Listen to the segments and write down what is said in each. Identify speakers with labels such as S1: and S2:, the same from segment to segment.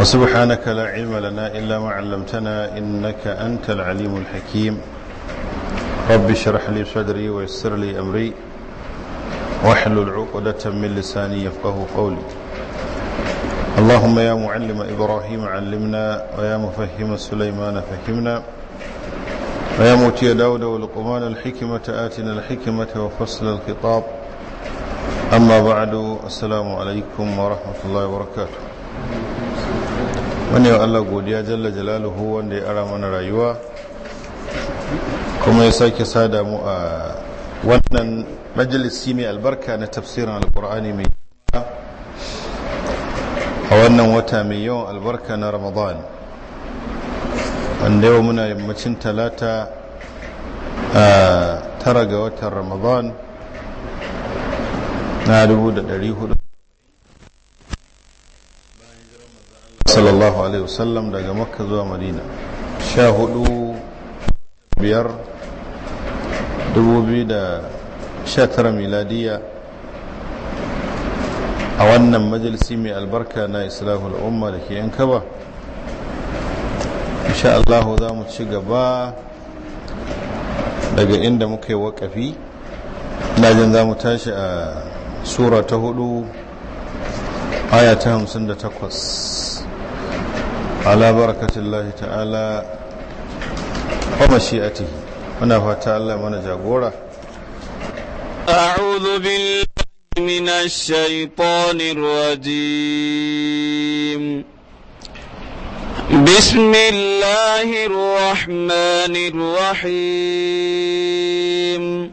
S1: وسبحانك لا علم لنا إلا ما علمتنا إنك أنت العليم الحكيم رب اشرح لي صدري ويسر لي أمري واحلل عقدة من لساني يفقه قولي اللهم يا معلم إبراهيم علمنا ويا مفهم سليمان فهمنا ويا موتي داود ولقمان الحكمة آتنا الحكمة وفصل الخطاب أما بعد السلام عليكم ورحمة الله وبركاته wani yau allah godiya jalla jalaluhu wanda ya ara mana rayuwa kuma ya sake sada mu a wannan majalisi mai albarka na tafsirin alkur'ani mai a wannan wata mai yawan albarka na ramadan wanda yau muna yammacin talata a tara ga watan ramadan na 1400 sallallahu alaihi wasallam daga makka zuwa madina sha hudu biyar dubu biyu da sha tara miladiya a wannan majalisi mai albarka na islahul umma da ke yan kaba insha Allah za mu ci gaba daga inda muka yi waƙafi na jin za mu tashi a sura ta hudu aya ta hamsin da takwas ala barakatullahi ta'ala wa mashi'atihi muna fata Allah mana jagora
S2: a'udhu billahi minash shaitanir rajim bismillahir rahmanir rahim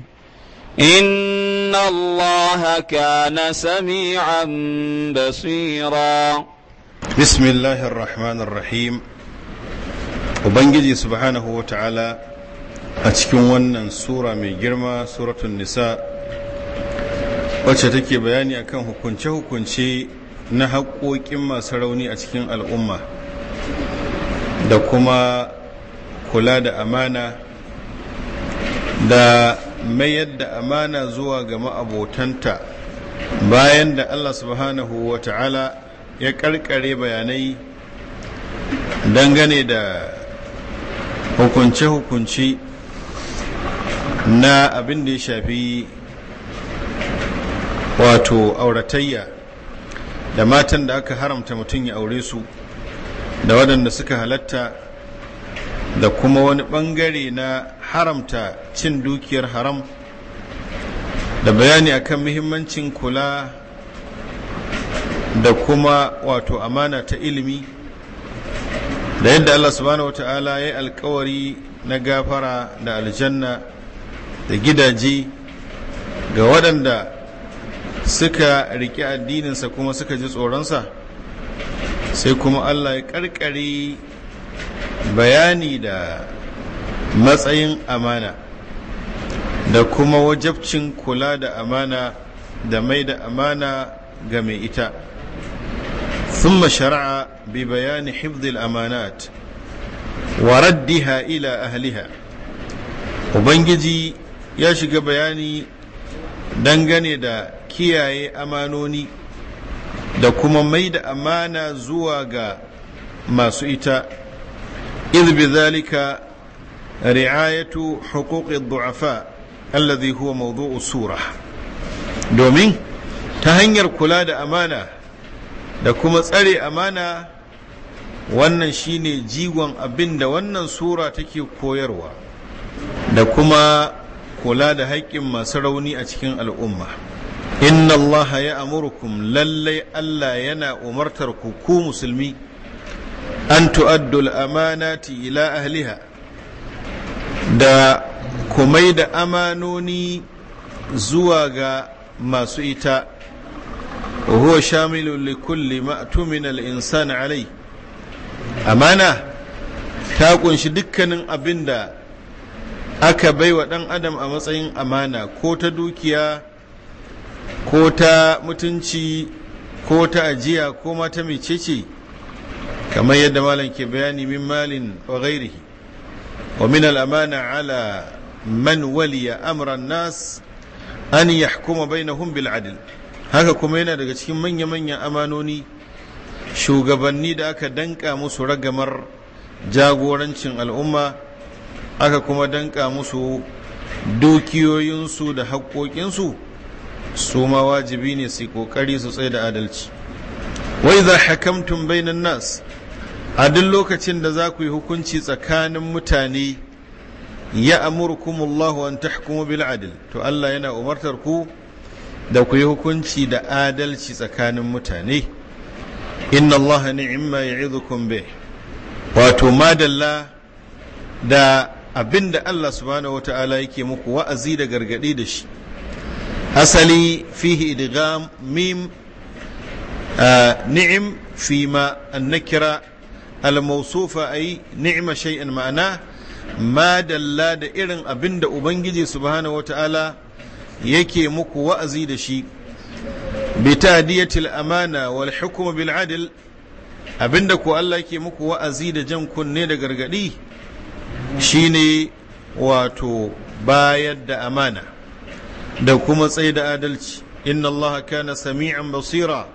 S2: إن الله كان سميعا بصيرا
S1: بسم الله الرحمن الرحيم وبنجي سبحانه وتعالى أتكون ونن سورة من جرمة سورة النساء wacce take bayani akan hukunce-hukunce na haƙoƙin masu rauni a cikin al'umma da kuma kula da amana da mayar da amana zuwa ga ma'abotanta bayan da Allah subhanahu wa ta'ala ya karkare bayanai dangane da hukunce-hukunce na abin da ya shafi wato auratayya da matan da aka haramta mutum ya aure su da waɗanda suka halatta da kuma wani bangare na haramta cin dukiyar haram da bayani akan muhimmancin kula da kuma wato amana ta ilimi da yadda Allah subhanahu wa ta'ala ya yi alkawari na gafara da aljanna da gidaje ga waɗanda suka riƙe addininsa kuma suka ji tsoronsa sai kuma Allah ya ƙarƙari. bayani da matsayin amana da kuma wajabcin kula da amana da mai da amana ga mai ita sun bi bayani ببيان amanat, wa وردها ila ahliha Ubangiji ya shiga bayani dangane da kiyaye amanoni da kuma mai da amana zuwa ga masu ita إذ بذلك رعاية حقوق الضعفاء الذي هو موضوع السورة دومين تهنير كلا دا أمانة دا kuma tsare أمانة wannan shine jiwon abin da wannan sura take koyarwa da kuma kula da haƙƙin masu rauni a cikin al'umma inna allaha ya amurkum lallai allah yana umartar ku ku musulmi an tu'addul amanati ila ahliha da kumai da amanoni zuwa ga masu ita huwa shamilu li kulli ma'tumin al-insan alai amana ta kunshi dukkanin abinda aka baiwa dan adam a matsayin amana ko ta dukiya ko ta mutunci ko ta ajiya ko ma ta mecece kamar yadda malam ke bayani min malin wa ghairihi wa min al-amana ala man waliya amra nas an yahkuma bainahum bil adl haka kuma yana daga cikin manya-manyan amanoni shugabanni da aka danka musu ragamar jagorancin al'umma aka kuma danka musu dukiyoyinsu da haƙoƙinsu su ma wajibi ne su ƙoƙari su tsaye da adalci wai za hakamtum bainan nas a duk lokacin da za ku yi hukunci tsakanin mutane ya amurkumullahu an tahkumu bil adil to Allah yana umartar ku da ku yi hukunci da adalci tsakanin mutane inna Allah ni'imma ya'idukum bih wato madalla da abinda Allah subhanahu wata'ala yake muku wa'azi da gargadi da shi asali fihi idgham mim نعم فيما النكرة الموصوفة أي نعم شيئا معناه ما دلا da irin abinda da Ubangiji subhanahu wata'ala yake muku wa'azi da shi bi tadiyatil amana wal hukm bil adl abinda ko Allah yake muku wa'azi da jan kunne da gargadi shine wato bayar da amana da kuma tsaye da adalci inna Allah kana sami'an basira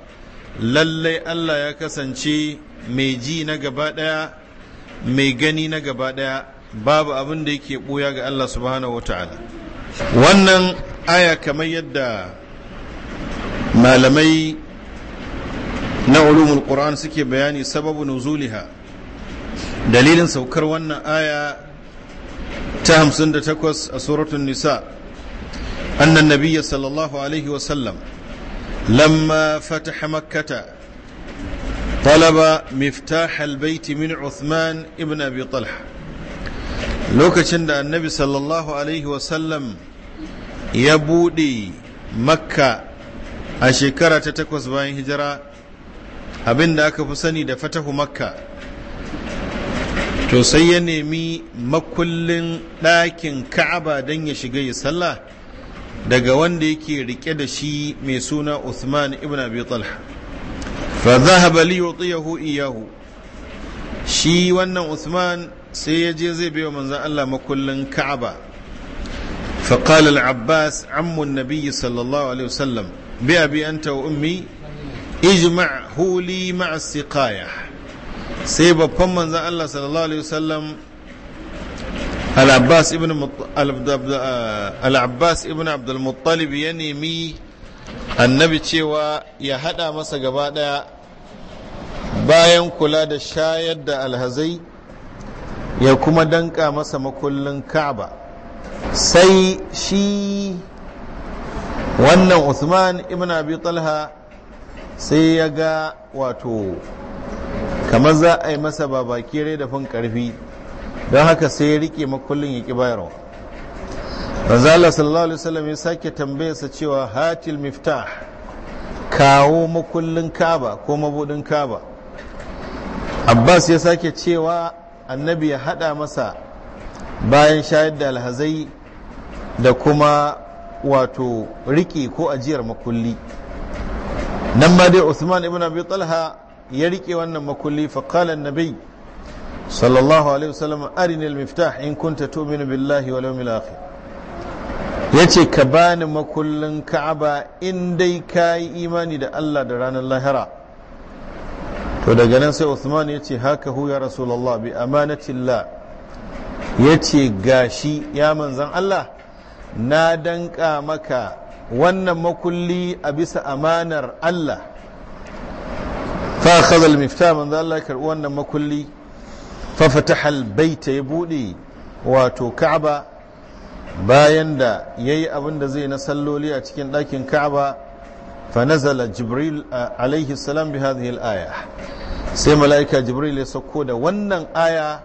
S1: lallai Allah ya kasance mai ji na gaba ɗaya mai gani na gaba ɗaya babu abin da yake ɓuya ga Allah subhanahu wa ta'ala wannan aya kamar yadda malamai na ulumul Qur'an suke bayani sababu nuzuliha dalilin saukar wannan aya ta 58 a suratun nisa annan nabiya sallallahu alaihi wasallam
S2: Lamma
S1: فتح مكة طلب مفتاح البيت من عثمان ابن أبي طلحة lokacin da annabi sallallahu alaihi wasallam ya buɗe makka a shekara ta takwas bayan hijira abinda aka fi sani da fatahu makka to sai ya nemi makullin ɗakin ka'aba dan ya shiga ya sallah daga wanda yake rike da shi mai suna Uthman ibn Abi Talha fa zahaba li yutiyahu iyahu shi wannan Uthman sai ya je zai baiwa manzon Allah makullin Ka'aba fa qala al-Abbas ammu an-nabi sallallahu alaihi wasallam bi abi anta wa ummi ijma'hu li ma'a siqayah sai babban manzon Allah sallallahu alaihi wasallam al'abbas ibn al'abbas ibn ya nemi annabi cewa ya hada masa gaba daya bayan kula da shayar da alhazai ya kuma danka masa makullin ka'aba sai shi wannan usman ibn abi talha sai ya ga wato kamar za a yi masa babakire da fin karfi don haka sai ya rike makullin ya ki bayarwa razala sallallahu alaihi wasallam ya sake tambayarsa cewa hatil miftah kawo makullin kaba ko mabudin kaba abbas ya sake cewa annabi ya hada masa bayan shayar da alhazai da kuma wato riƙe ko ajiyar makulli nan ma dai usman ibn abi talha ya riƙe wannan makulli faqala annabi صلى الله عليه وسلم أرني المفتاح إن كنت تؤمن بالله واليوم الآخر yace ka bani makullin ka'aba in dai ka yi imani da Allah da ranar lahira to daga nan sai Uthman yace haka hu ya Rasulullah bi amanatillah yace gashi ya manzan Allah na danka maka wannan makulli a bisa amanar Allah fa akhadha al-miftah manzan karbi wannan makulli fafataha albayta ya buɗe wato ka'aba bayan da yayi abin da zai na salloli a cikin ɗakin ka'aba fa nazala jibril alaihi salam bi hadhihi aya. sai mala'ika jibril ya sauko da wannan aya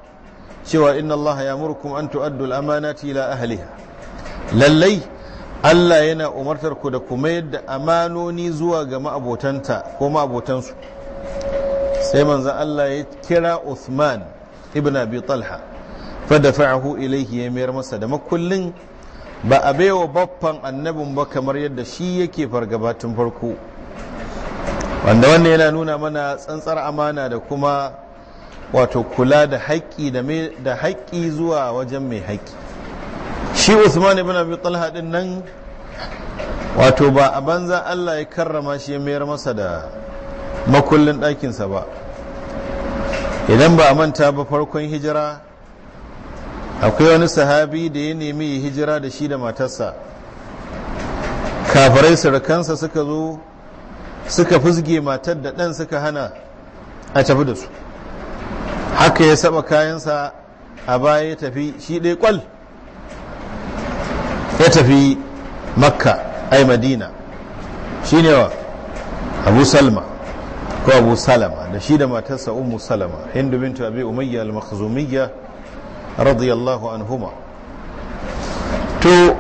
S1: cewa inna Allah ya murkum an tu'addu al-amanati ila ahliha lallai Allah yana umartar ku da kuma yadda amanoni zuwa ga ma'abotanta ko ma'abotansu sai manzan Allah ya kira Uthman ibn abi talha fadafa'ahu ilayhi ya mayar masa da makullin ba a baiwa babban annabin ba kamar yadda shi yake fargaba tun farko wanda wannan yana nuna mana tsantsar amana da kuma wato kula da haƙƙi da haƙƙi zuwa wajen mai haƙƙi shi usman ibn abi talha din nan wato ba a banza Allah ya karrama shi ya mayar masa da makullin ɗakinsa ba idan ba a manta ba farkon hijira akwai wani sahabi da ya nemi hijira da shi da matarsa kafirai surukansa suka zo suka fusge matar da ɗan suka hana a tafi da su haka ya saba kayansa a baya ya tafi shi ɗai kwal ya tafi makka ai madina shi ne wa abu salma ko abu salama da shi da matarsa ummu salama hindu bintu abi umayya al-makhzumiyya radiyallahu anhuma to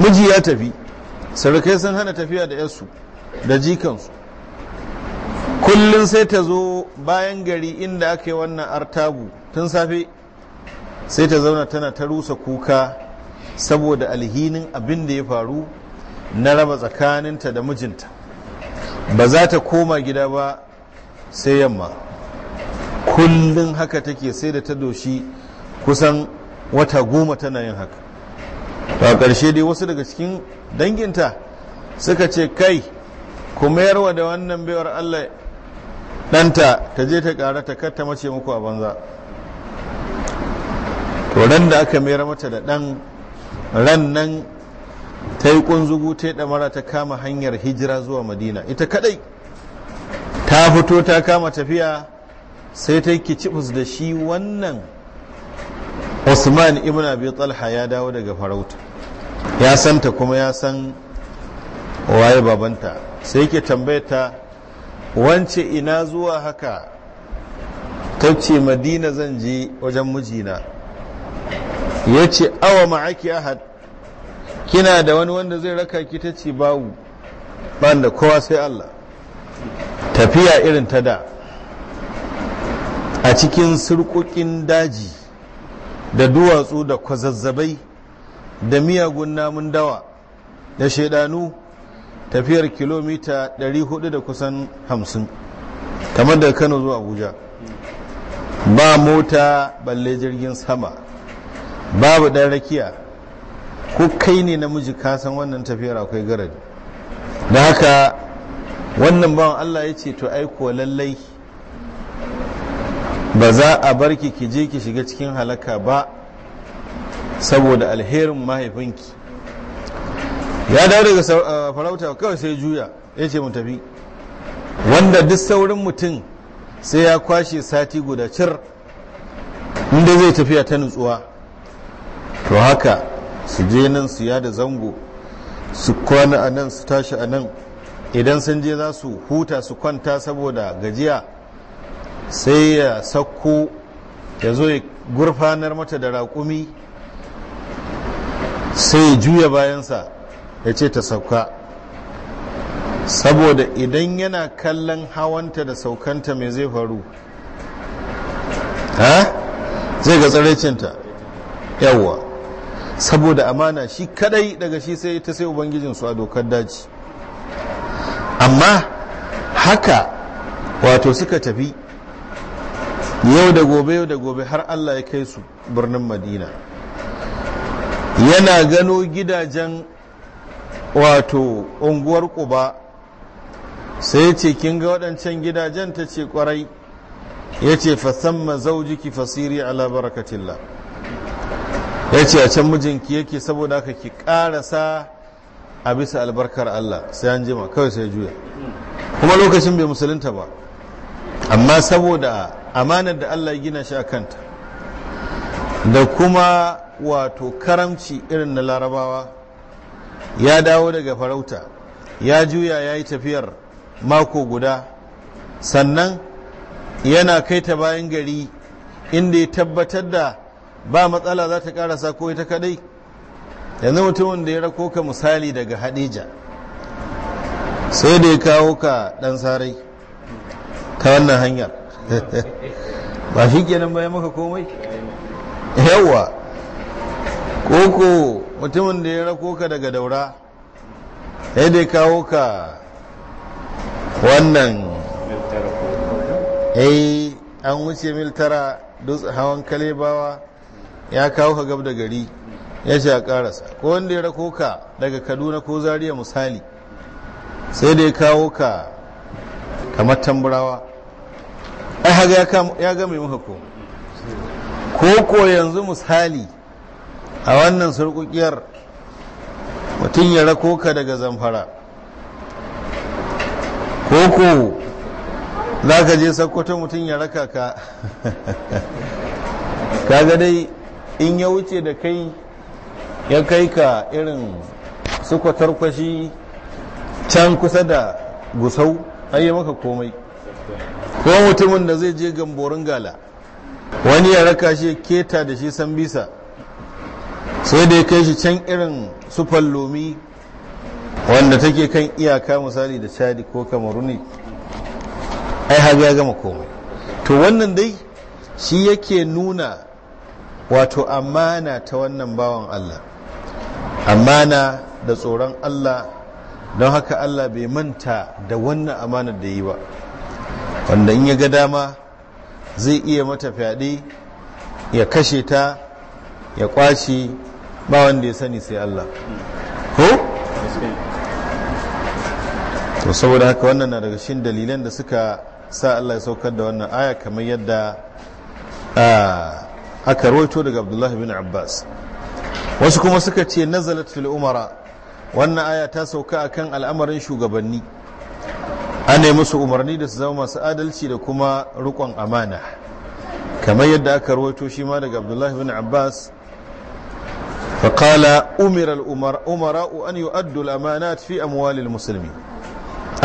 S1: miji ya tafi sarkai sun hana tafiya da yarsu da jikansu kullum sai ta zo bayan gari inda ake wannan artabu tun safe sai ta zauna tana ta rusa kuka saboda alhinin abin da ya faru na raba tsakaninta da mijinta ba za ta koma gida ba sai yamma kullum haka take sai da ta doshi kusan wata goma tana yin haka ta ƙarshe dai wasu daga cikin danginta suka ce kai ku yarwa da wannan baiwar allah ɗanta ta je ta ƙara ta katta mace muku a banza to da aka mayar mata da ɗan ran nan ta yi ƙunzugu ta yi ɗamara ta kama hanyar hijira zuwa madina ita kaɗai ta fito ta kama tafiya sai ta cibus da shi wannan usman ibn abi talha ya dawo daga farauta ya santa kuma ya san waye babanta sai ke tambayata wance ina zuwa haka ce madina zan je wajen mijina ya ce awa ma'aki ahad kina da wani wanda zai raka ki ta ce bawu ban da kowa sai allah tafiya irin ta da a cikin surkukin daji da duwatsu da kwazazzabai da miyagun namun dawa da shaidanu tafiyar kilomita 400 da kusan 50 kamar da kano zuwa abuja ba mota balle jirgin sama babu ɗan rakiya ko kai ne namiji kasan wannan tafiyar akwai garadi da haka wannan bawan Allah ya ce to aiko lallai ba za a bar ki ki je ki shiga cikin halaka ba saboda alherin mahaifinki ya dawo daga farauta kawai sai juya ya ce mu tafi wanda duk saurin mutum sai ya kwashe sati guda cir inda zai tafiya ta nutsuwa to haka su je nan su yada zango su kwana a nan su tashi a nan idan sun je za su huta su kwanta saboda gajiya sai ya sakko ya zo ya gurfanar mata da raƙumi sai ya juya bayansa ya ce ta sauka saboda idan yana kallon hawanta da saukanta mai zai faru ha zai ga tsaraicinta yawwa saboda amana shi kadai daga shi sai ta sai ubangijinsu a dokar daji amma haka wato suka tafi yau da gobe yau da gobe har Allah ya kai su birnin madina yana gano gidajen wato unguwar kuba sai ce kin ga waɗancan gidajen ta ce kwarai ya ce fasamma zaujiki fasiri ala barakatillah ya ce a can mijinki yake saboda haka ki ƙarasa a bisa albarkar Allah sai an jima kawai sai juya kuma lokacin bai musulunta ba amma saboda amanar da Allah ya gina shi a kanta da kuma wato karamci irin na larabawa ya dawo daga farauta ya juya ya yi tafiyar mako guda sannan yana kai ta bayan gari inda ya tabbatar da ba matsala za ta karasa ko ita kadai yanzu mutumin da ya rako ka misali daga hadija sai da ya kawo ka dan sarai ta wannan hanyar ba shi kenan bayan maka komai yawa koko mutumin da ya rako ka daga daura sai da ya kawo ka wannan eh an wuce mil tara hawan kalebawa ya kawo ka gab da gari ya ce a karasa ko wanda ya rako ka daga kaduna ko zariya misali sai da ya kawo ka kamar tamburawa ai haga ya game maka ko ko ko yanzu misali a wannan sarkukiyar mutum ya rako ka daga zamfara ko ko za ka je sakkwato mutum ya raka ka ka dai in ya wuce da kai ya kai ka irin su kwashi can kusa da gusau yi maka komai ko mutumin da zai je gamborin gala wani ya raka shi keta da shi san bisa sai da ya kai shi can irin su fallomi wanda take kan iyaka misali da chadi ko kamaruni ai haga ya gama komai to wannan dai shi yake nuna wato amana ta wannan bawan allah amana da tsoron Allah don haka Allah bai manta da wannan amanar da yi ba wanda in ya ga dama zai iya mata fyaɗe ya kashe ta ya kwashe, ba wanda ya sani sai Allah ko? to saboda haka wannan na daga shi dalilan da suka sa Allah ya saukar da wannan aya kamar yadda ah, aka rawaito daga Abdullahi bin Abbas wasu kuma suka ce nazalat fil umara wannan aya ta sauka akan al'amarin shugabanni an nemi su umarni da su zama masu adalci da kuma rikon amana kamar yadda aka rawaito shi ma daga abdullahi bin abbas فقال أمر الأمراء أن يؤدوا الأمانات في أموال musulmi.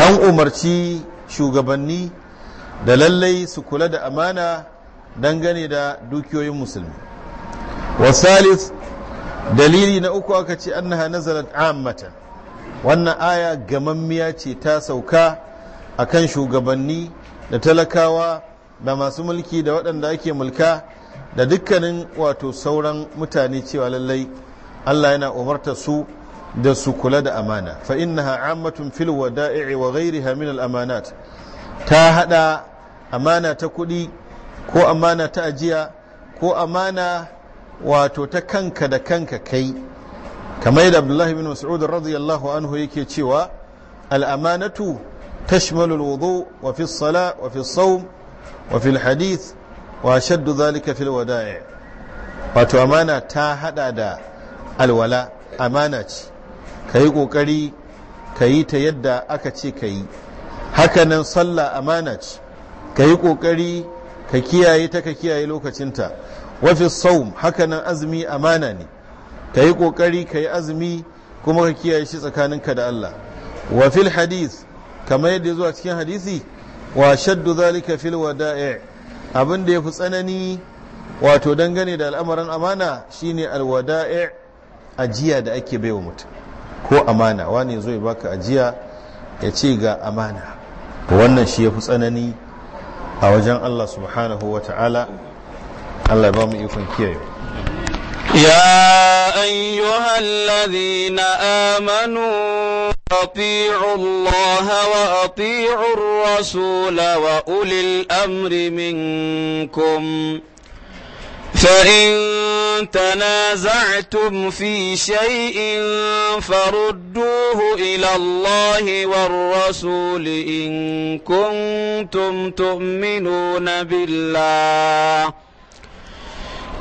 S1: An umarci shugabanni da lallai su kula da amana dangane da dukiyoyin musulmi wasalis dalili na uku aka ce annaha nazalat ammatan wannan aya gamammiya ce ta sauka a kan shugabanni da talakawa da masu mulki da waɗanda ake mulka da dukkanin wato sauran mutane cewa lallai Allah yana umarta su da su kula da amana fa innaha ammatun fil wada'i wa ghayriha min al amanat ta hada amana ta kuɗi ko amana ta ajiya ko amana wato ta kanka da kanka kai kamar yadda abdullahi bin mas'ud radiyallahu anhu yake cewa al'amanatu tashmalu alwudu wa fi as-sala wa fi as-sawm wa fi al-hadith wa shaddu dhalika fi al-wada'i wato amana ta hada da alwala amana ce kayi kokari kayi ta yadda aka ce kayi hakanan sallah amana ce kayi kokari ka kiyaye ta ka kiyaye lokacinta wafi saum hakanan azumi amana ne ka yi ƙoƙari ka yi azumi kuma ka kiyaye shi tsakaninka da Allah wa fil hadis kamar yadda zuwa cikin hadisi wa shaddu zalika fil wada'i abin da yafi tsanani wato dangane da al'amarin amana shine alwada'i ajiya da ake baiwa mutum ko amana wani zo ya baka ajiya ya ce ga amana wannan shi yafi tsanani a wajen Allah subhanahu wa ta'ala الله يبارك فيك يا
S2: أيها الذين آمنوا أطيعوا الله وأطيعوا الرسول وأولي الأمر منكم فإن تنازعتم في شيء فردوه إلى الله والرسول إن كنتم تؤمنون بالله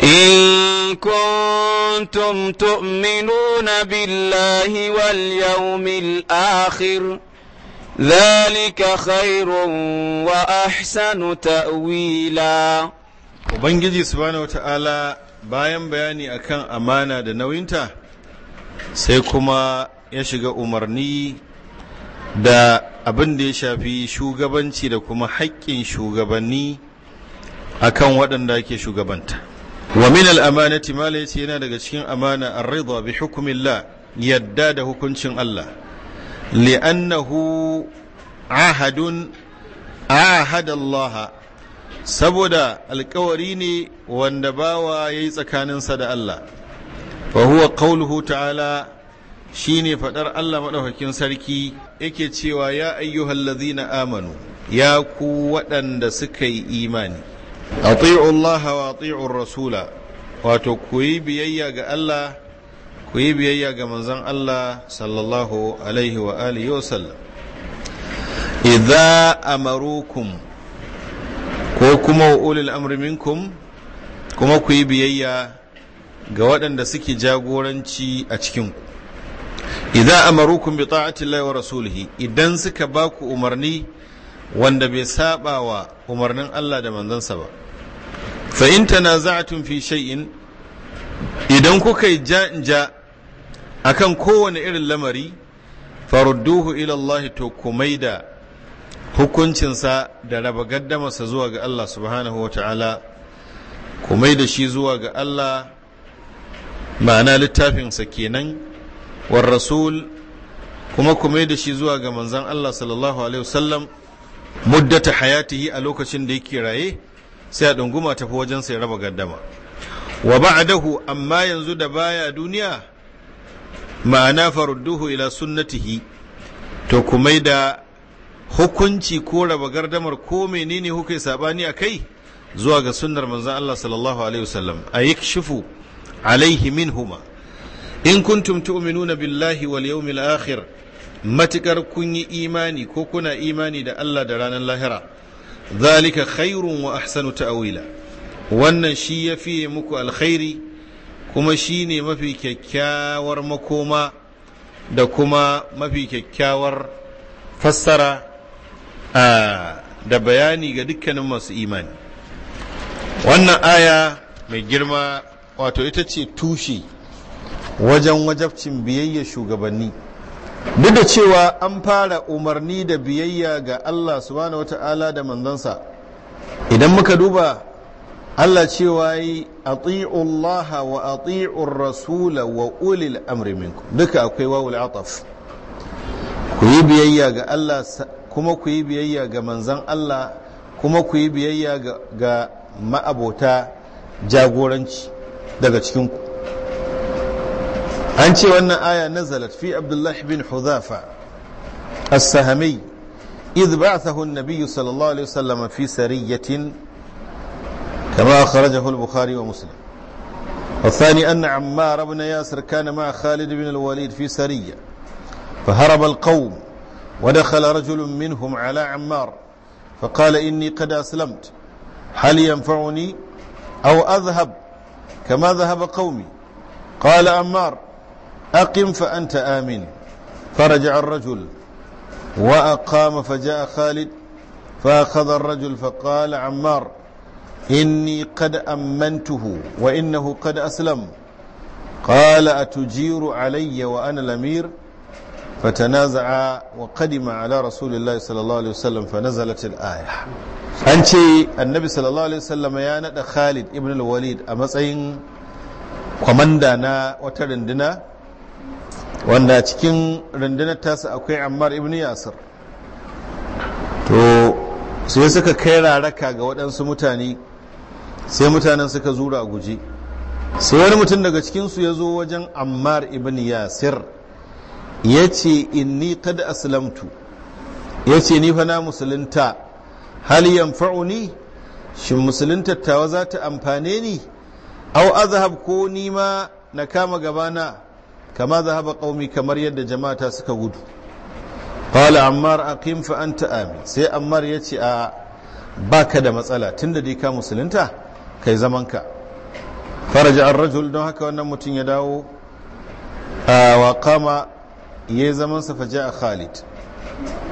S2: إن كنتم تؤمنون بالله واليوم الآخر ذلك خير وأحسن تأويلا
S1: Ubangiji subhanahu wa ta'ala bayan bayani akan amana da nauyinta sai kuma ya shiga umarni da abin da ya shafi shugabanci da kuma haƙƙin shugabanni akan waɗanda ake shugabanta. wa min al'amanati mala yace yana daga cikin amana ar-ridha bi hukmillah yadda da hukuncin Allah li'annahu ahadun ahada saboda alkawari ne wanda bawa yayi tsakaninsa da Allah fa huwa qawluhu ta'ala shine faɗar Allah madaukakin sarki yake cewa ya ayyuhallazina amanu ya ku waɗanda suka yi imani ati'u Allah wa ati'u rasula wato ku yi biyayya ga Allah ku yi biyayya ga manzon Allah sallallahu alaihi wa alihi wa sallam idza amarukum ko kuma ulul amri minkum kuma ku biyayya ga waɗanda suke jagoranci a cikinku idza wa idan suka baku umarni wanda bai saba wa umarnin Allah da manzansa ba fa in tanaza'tum fi shay'in idan kuka yi ja akan kowane irin lamari farudduhu ila Allah to kumaida hukuncinsa da raba gaddamarsa zuwa ga Allah subhanahu wa ta'ala kumai shi zuwa ga Allah ma'ana littafinsa kenan war rasul kuma kumaida shi zuwa ga manzan Allah sallallahu alaihi wasallam muddata hayatihi a lokacin da yake raye sai a ɗunguma tafi wajen sai raba gaddama wa ba'adahu amma yanzu da baya duniya ma'ana farudduhu ila sunnatihi to kumai da hukunci ko raba gardamar ko menene huke sabani a kai zuwa ga sunnar manzan Allah sallallahu alaihi wasallam a yi shifu alaihi huma. in kuntum tu'minuna billahi wal yawmil akhir matukar kun yi imani ko kuna imani da Allah da ranar lahira zalika khairun wa ahsanu ta'wila wannan shi ya fiye muku alkhairi kuma shi ne mafi kyakkyawar makoma da kuma mafi kyakkyawar fassara da bayani ga dukkanin masu imani wannan aya mai girma wato ita ce tushe wajen wajabcin biyayya shugabanni duk da cewa an fara umarni da biyayya ga Allah subhanahu wata'ala da manzansa idan muka duba Allah cewa yi ati'u Allah wa ati'u rasula wa ulil amri duka akwai wawul ataf ku yi biyayya ga Allah kuma ku yi biyayya ga manzan Allah kuma ku yi biyayya ga ma'abota jagoranci daga cikinku an ce wannan aya nazalat fi abdullahi bin hudhafa as-sahami idh ba'athahu an-nabiy sallallahu alaihi wasallam fi sariyatin كما أخرجه البخاري ومسلم والثاني أن عمار بن ياسر كان مع خالد بن الوليد في سرية فهرب القوم ودخل رجل منهم على عمار فقال إني قد أسلمت هل ينفعني أو أذهب كما ذهب قومي قال عمار أقم فأنت آمن فرجع الرجل وأقام فجاء خالد فأخذ الرجل فقال عمار إني قد أمنته وإنه قد أسلم قال أتجير علي وأنا الأمير فتنازع وقدم على رسول الله صلى الله عليه وسلم فنزلت الآية أنت النبي صلى الله عليه وسلم يا ندى خالد ابن الوليد أما سين كماندا نا وترندنا wanda cikin rundunar tasa akwai ammar ibn yasir to sai suka kai raraka ga waɗansu mutane sai mutanen suka zura guje sai wani mutum daga cikinsu ya zo wajen ammar ibn yasir ya ce inni kada aslamtu ya ce ni fa na musulunta hal yanfa'uni shin musuluntattawa za ta amfane ni au azhab ko nima na kama gabana kama zahaba ƙaumi kamar yadda jama'ata suka gudu qala ammar aqim fa anta amin sai ammar yace a baka da matsala tunda dai ka musulunta kai zaman ka faraja rajul don haka wannan mutum ya dawo wa qama yayi zaman sa faja khalid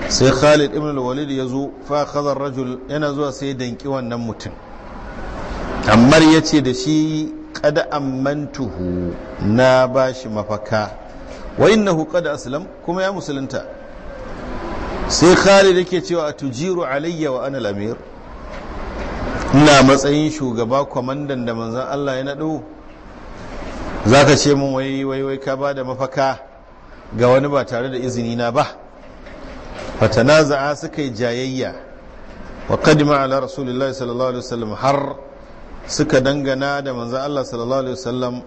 S1: sai khalid ibn al-walid ya zo fa khadha rajul yana zuwa sai danki wannan mutum ammar yace da shi kada ammantuhu na bashi mafaka wa innahu kada aslam kuma ya musulunta sai khalid yake cewa tujiru alayya wa ana amir ina matsayin shugaba kwamandan da manzon Allah ya naɗo zaka ce mun wai wai wai ka ba da mafaka ga wani ba tare da izini na ba fatanaza'a suka yi jayayya wa qadima ala rasulillahi sallallahu alaihi wasallam har suka dangana da manzan Allah sallallahu alaihi wasallam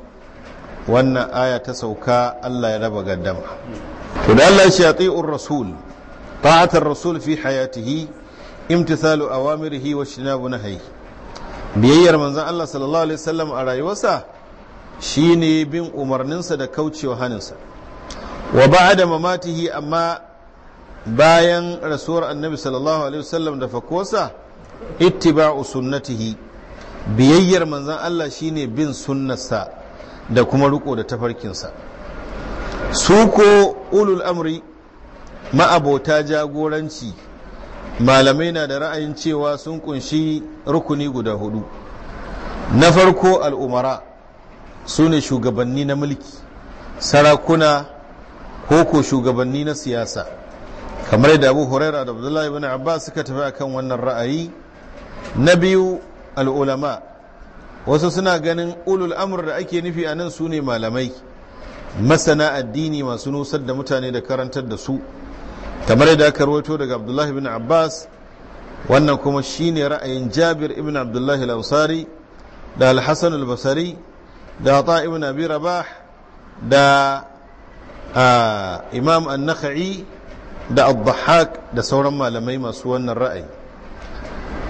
S1: wannan aya ta sauka Allah ya raba gaddama to da Allah shi un rasul ta'atar rasul fi hayatihi imtithalu awamirihi wa na nahyi biyayyar manzan Allah sallallahu alaihi wasallam a rayuwarsa shine bin umarninsa da kaucewa haninsa wa da mamatihi amma bayan rasuwar annabi sallallahu alaihi wasallam da fakosa ittiba'u sunnatihi biyayyar manzan Allah shine bin sunnarsa da kuma riko da tafarkinsa su ko ulul amri ma'abota jagoranci malamai na da ra'ayin cewa sun kunshi rukuni guda hudu na farko al'umara su ne shugabanni na mulki sarakuna ko ko shugabanni na siyasa kamar da abu huraira da abdullahi ibn abbas suka tafi akan wannan ra'ayi na biyu al'ulama wasu suna ganin ulul amur da ake nufi a nan su ne malamai masana addini masu nusar da mutane da karantar da su kamar da aka rawaito daga abdullahi bin abbas wannan kuma shi ne ra'ayin jabir ibn abdullahi lausari da alhassan albasari da ta ibn abi rabah da imam an da abu da sauran malamai masu wannan ra'ayi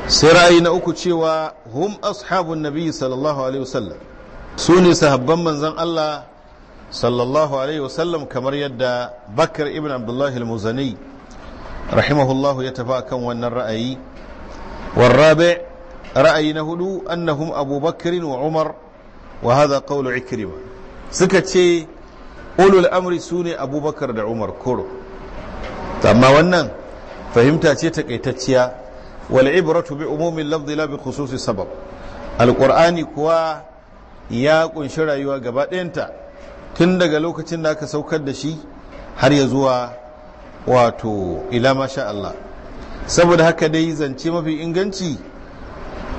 S1: sai ra'ayi na uku cewa hum ashabun nabi sallallahu alaihi wasallam su ne sahabban manzon Allah sallallahu alaihi wasallam kamar yadda bakar ibn abdullah al-muzani rahimahullahu ya tafi kan wannan ra'ayi
S2: warrabe
S1: ra'ayi na hudu annahum abubakar wa umar wa hadha qawlu ikrima suka ce ulul amri su ne abubakar da umar koro amma wannan fahimta ce takaitacciya wal ibratu bi umumin lafzi la bi khususi sabab Alƙur'ani kuwa ya ƙunshi rayuwa gaba ɗayanta tun daga lokacin da aka saukar da shi har ya zuwa wato ila masha Allah saboda haka dai zance mafi inganci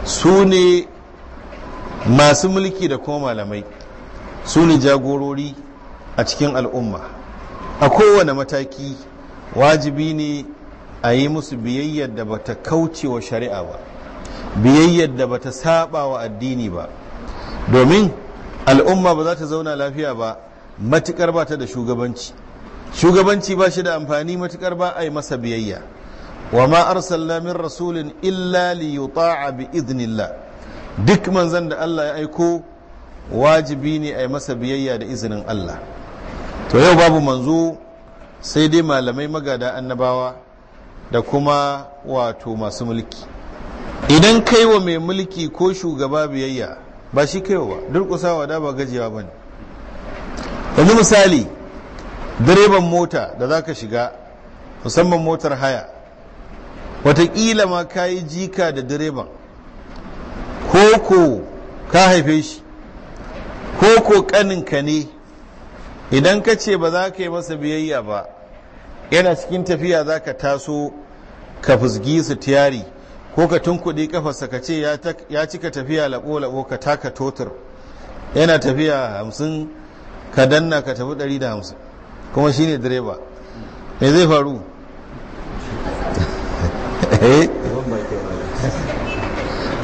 S1: su ne masu mulki da kuma malamai su ne jagorori a cikin al'umma a kowane mataki wajibi ne a yi musu biyayyar da bata kauce wa shari'a ba biyayyar da bata saba wa addini ba domin al'umma ba za ta zauna lafiya ba matukar ba ta da shugabanci shugabanci ba shi da amfani matukar ba a yi masa biyayya wa ma arsalna min rasulin illa li yuta'a bi idnillah duk manzon da Allah ya aiko wajibi ne a yi masa biyayya da izinin Allah to yau babu manzo sai dai malamai magada annabawa da kuma wato masu mulki idan kai wa mai mulki ko shugaba biyayya ba shi kai wa durƙusawa da ba gajiya ba ne yanzu misali direban mota da za ka shiga musamman motar haya watakila ma ka yi jika da direban koko ka haife shi koko ka ne idan ka ce ba za ka yi masa biyayya ba yana cikin tafiya za ka taso ka fusgi su tiyari ko ka tunkuɗi kafarsa ka ce ya cika tafiya labo-labo ka taka totur yana tafiya hamsin ka danna ka tafi ɗari da hamsin kuma shine direba me zai faru eh?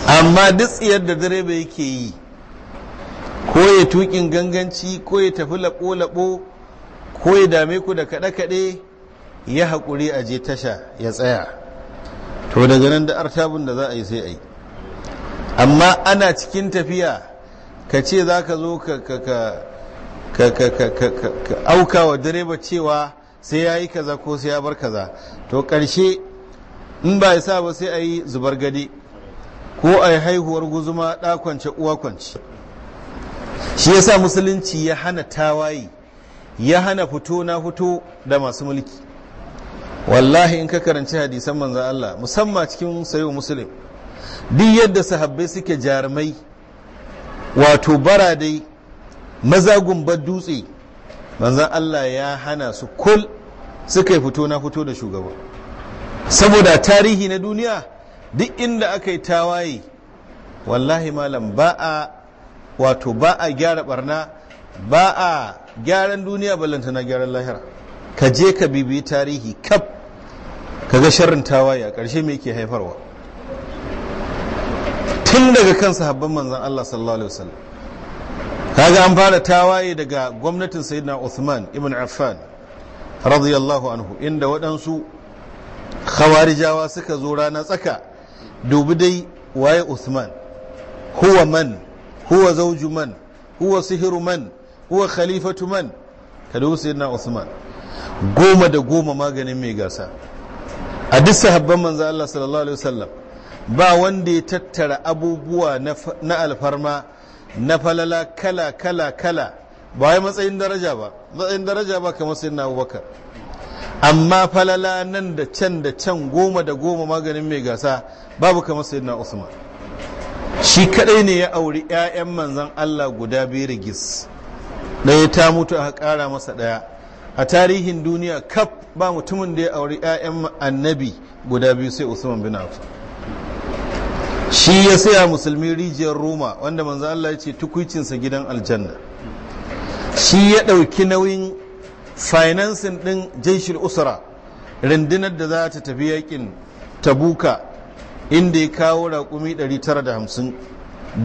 S1: amma duk da direba yake yi ko ya tukin ganganci ko ya tafi labo-labo ko ya dame ku da kaɗe-kaɗe ya haƙuri a je tasha ya tsaya to daga nan da artabin da za a yi sai a yi amma ana cikin tafiya ka ce za ka zo ka auka wa direba cewa sai ya yi kaza ko sai ya bar kaza to ƙarshe in ba ya sa ba sai a yi zubar gadi ko a yi haihuwar guzuma ɗakwance uwa kwance shi sa musulunci ya hana tawaye ya hana fito na fito da masu mulki wallahi in ka karanci hadisan manzan Allah musamman cikin sayo musulun duk yadda sahabbai suke jarumai wato baradai maza gumbar dutse manzan Allah ya hana su kul suka yi fito na fito da shugaba
S2: saboda tarihi
S1: na duniya duk inda aka yi tawaye wallahi malam ba a wato ba a gyara barna ba a gyaran duniya ballanta na gyaran lahira ka je ka bibiyi tarihi kaf ka ga sharrin tawaye a ƙarshe me ke haifarwa tun daga kan sahabban manzan Allah sallallahu alaihi wasallam kaga an fara tawaye daga gwamnatin sayyidina Uthman ibn Affan radiyallahu anhu inda waɗansu khawarijawa suka zo rana tsaka dubi dai waye Uthman huwa man huwa zauju man huwa sihiru man huwa khalifatu man ka dubi sayyidina Uthman goma da goma maganin mai gasa a duk sahabban manzo Allah sallallahu alaihi wasallam ba wanda ya tattara abubuwa na alfarma na falala kala kala kala ba wai matsayin daraja ba matsayin daraja ba kamar sayyidina Abubakar amma falala nan da can da can goma da goma maganin mai gasa babu kamar sayyidina Usman shi kadai ne ya auri ƴaƴan manzon Allah guda biyu rigis ɗaya ta mutu aka ƙara masa ɗaya a tarihin duniya kaf ba mutumin da ya auri 'ya'yan annabi guda biyu sai usman bin affan shi ya saya musulmi rijiyar roma wanda manzo Allah ya ce tukwicinsa gidan aljanna shi ya ɗauki nauyin finansin ɗin jaishil usura rundunar da za ta tafi yakin tabuka inda ya kawo raƙumi 950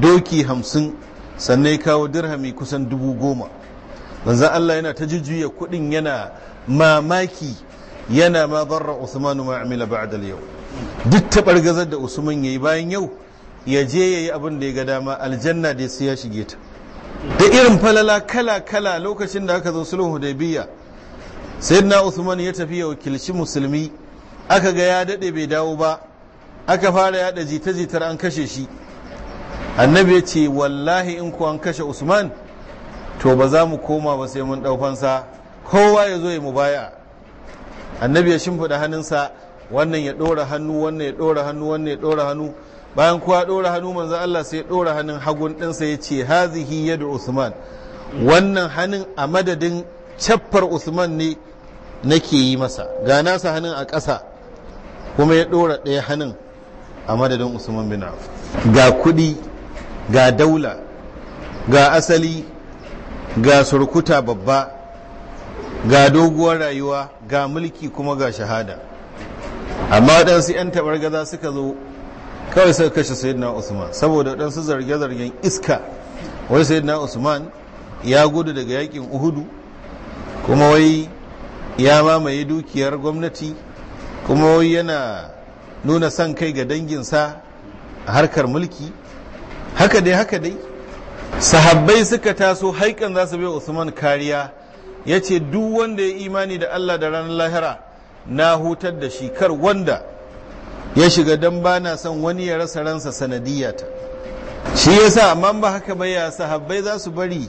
S1: doki 50 sannan ya kawo dirhami kusan 10,000 manzan Allah yana ta jujjuya kuɗin yana mamaki yana ma barra Usmanu ma amila ba'da yau duk ta bargazar da Usman yayi bayan yau ya je yayi abin da ya ga dama aljanna da sai ya shige ta da irin falala kala kala lokacin da aka zo sulhu hudaybiya sayyidina Usman ya tafi ya wakilci musulmi aka ga ya dade bai dawo ba aka fara yada jita jitar an kashe shi annabi ya ce wallahi in ku an kashe Usman to ba za mu koma ba sai mun ɗaukansa kowa ya zo ya mu baya annabi ya shimfiɗa hannunsa wannan ya ɗora hannu wannan ya ɗora hannu wannan ya ɗora hannu bayan kowa ɗora hannu manzo Allah sai ya ɗora hannun hagun ɗinsa ya ce hazihi yadda Usman wannan hannun a madadin caffar Usman ne nake yi masa ga nasa hannun a ƙasa kuma ya ɗora ɗaya hannun a madadin Usman bin Affan ga kuɗi ga daula ga asali ga surkuta babba ga doguwar rayuwa ga mulki kuma ga shahada amma waɗansu 'yan taɓar gaza suka zo kawai suka kashe sayyidina usman saboda ɗansu zarge-zargen iska wai sayyidina usman ya gudu daga yakin uhudu kuma wai ya mamaye dukiyar gwamnati kuma wai yana nuna son kai ga danginsa a harkar mulki haka dai haka dai sahabbai suka taso haikan za su bai usman kariya ya ce duk wanda ya imani da allah da ranar lahira na hutar da shi kar wanda ya shiga don ba na son wani ya rasa ransa sanadiyata shi ya sa amma ba haka ba ya sahabbai za su bari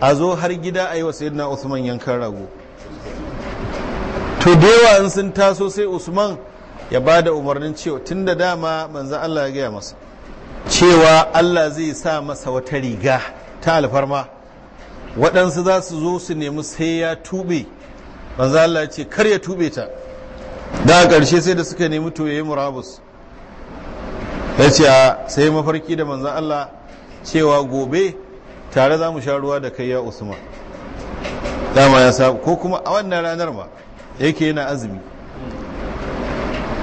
S1: a zo har gida a yi wa sayyidina usman yankan rago to dewa in sun taso sai usman ya ba da umarnin cewa tun da dama manzan allah ya gaya masa cewa Allah zai sa masa wata riga ta alfarma waɗansu za su zo su nemi sai ya tube manzo Allah ce kar ya tube ta da ƙarshe sai da suka nemi to yayi murabus ya ce sai mafarki da manzan Allah cewa gobe tare za mu sha ruwa da kai ya usman dama ya sa ko kuma a wannan ranar ma yake yana azumi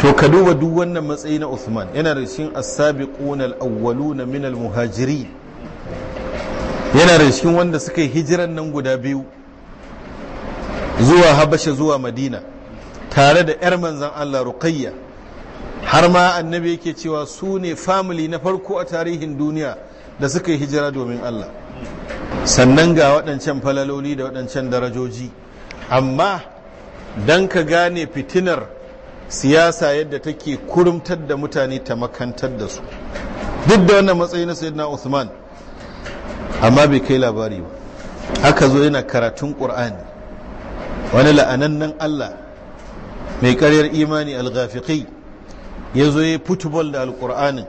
S1: to ka duba duk wannan matsayi na Uthman yana da cikin as-sabiqun al-awwaluna min al muhajiri yana da cikin wanda suka yi hijiran nan guda biyu zuwa Habasha zuwa Madina tare da yar manzan Allah Ruqayya har ma annabi yake cewa su ne family na farko a tarihin duniya da suka yi hijira domin Allah sannan ga waɗancan falaloli da waɗancan darajoji amma dan ka gane fitinar siyasa yadda take kurumtar da mutane ta makantar da su duk da wannan matsayi na sayyidina Uthman amma bai kai labari ba aka zo yana karatun ƙur'ani wani la'anannan Allah mai karyar imani al-ghafiqi ya zo ya football da alƙur'anin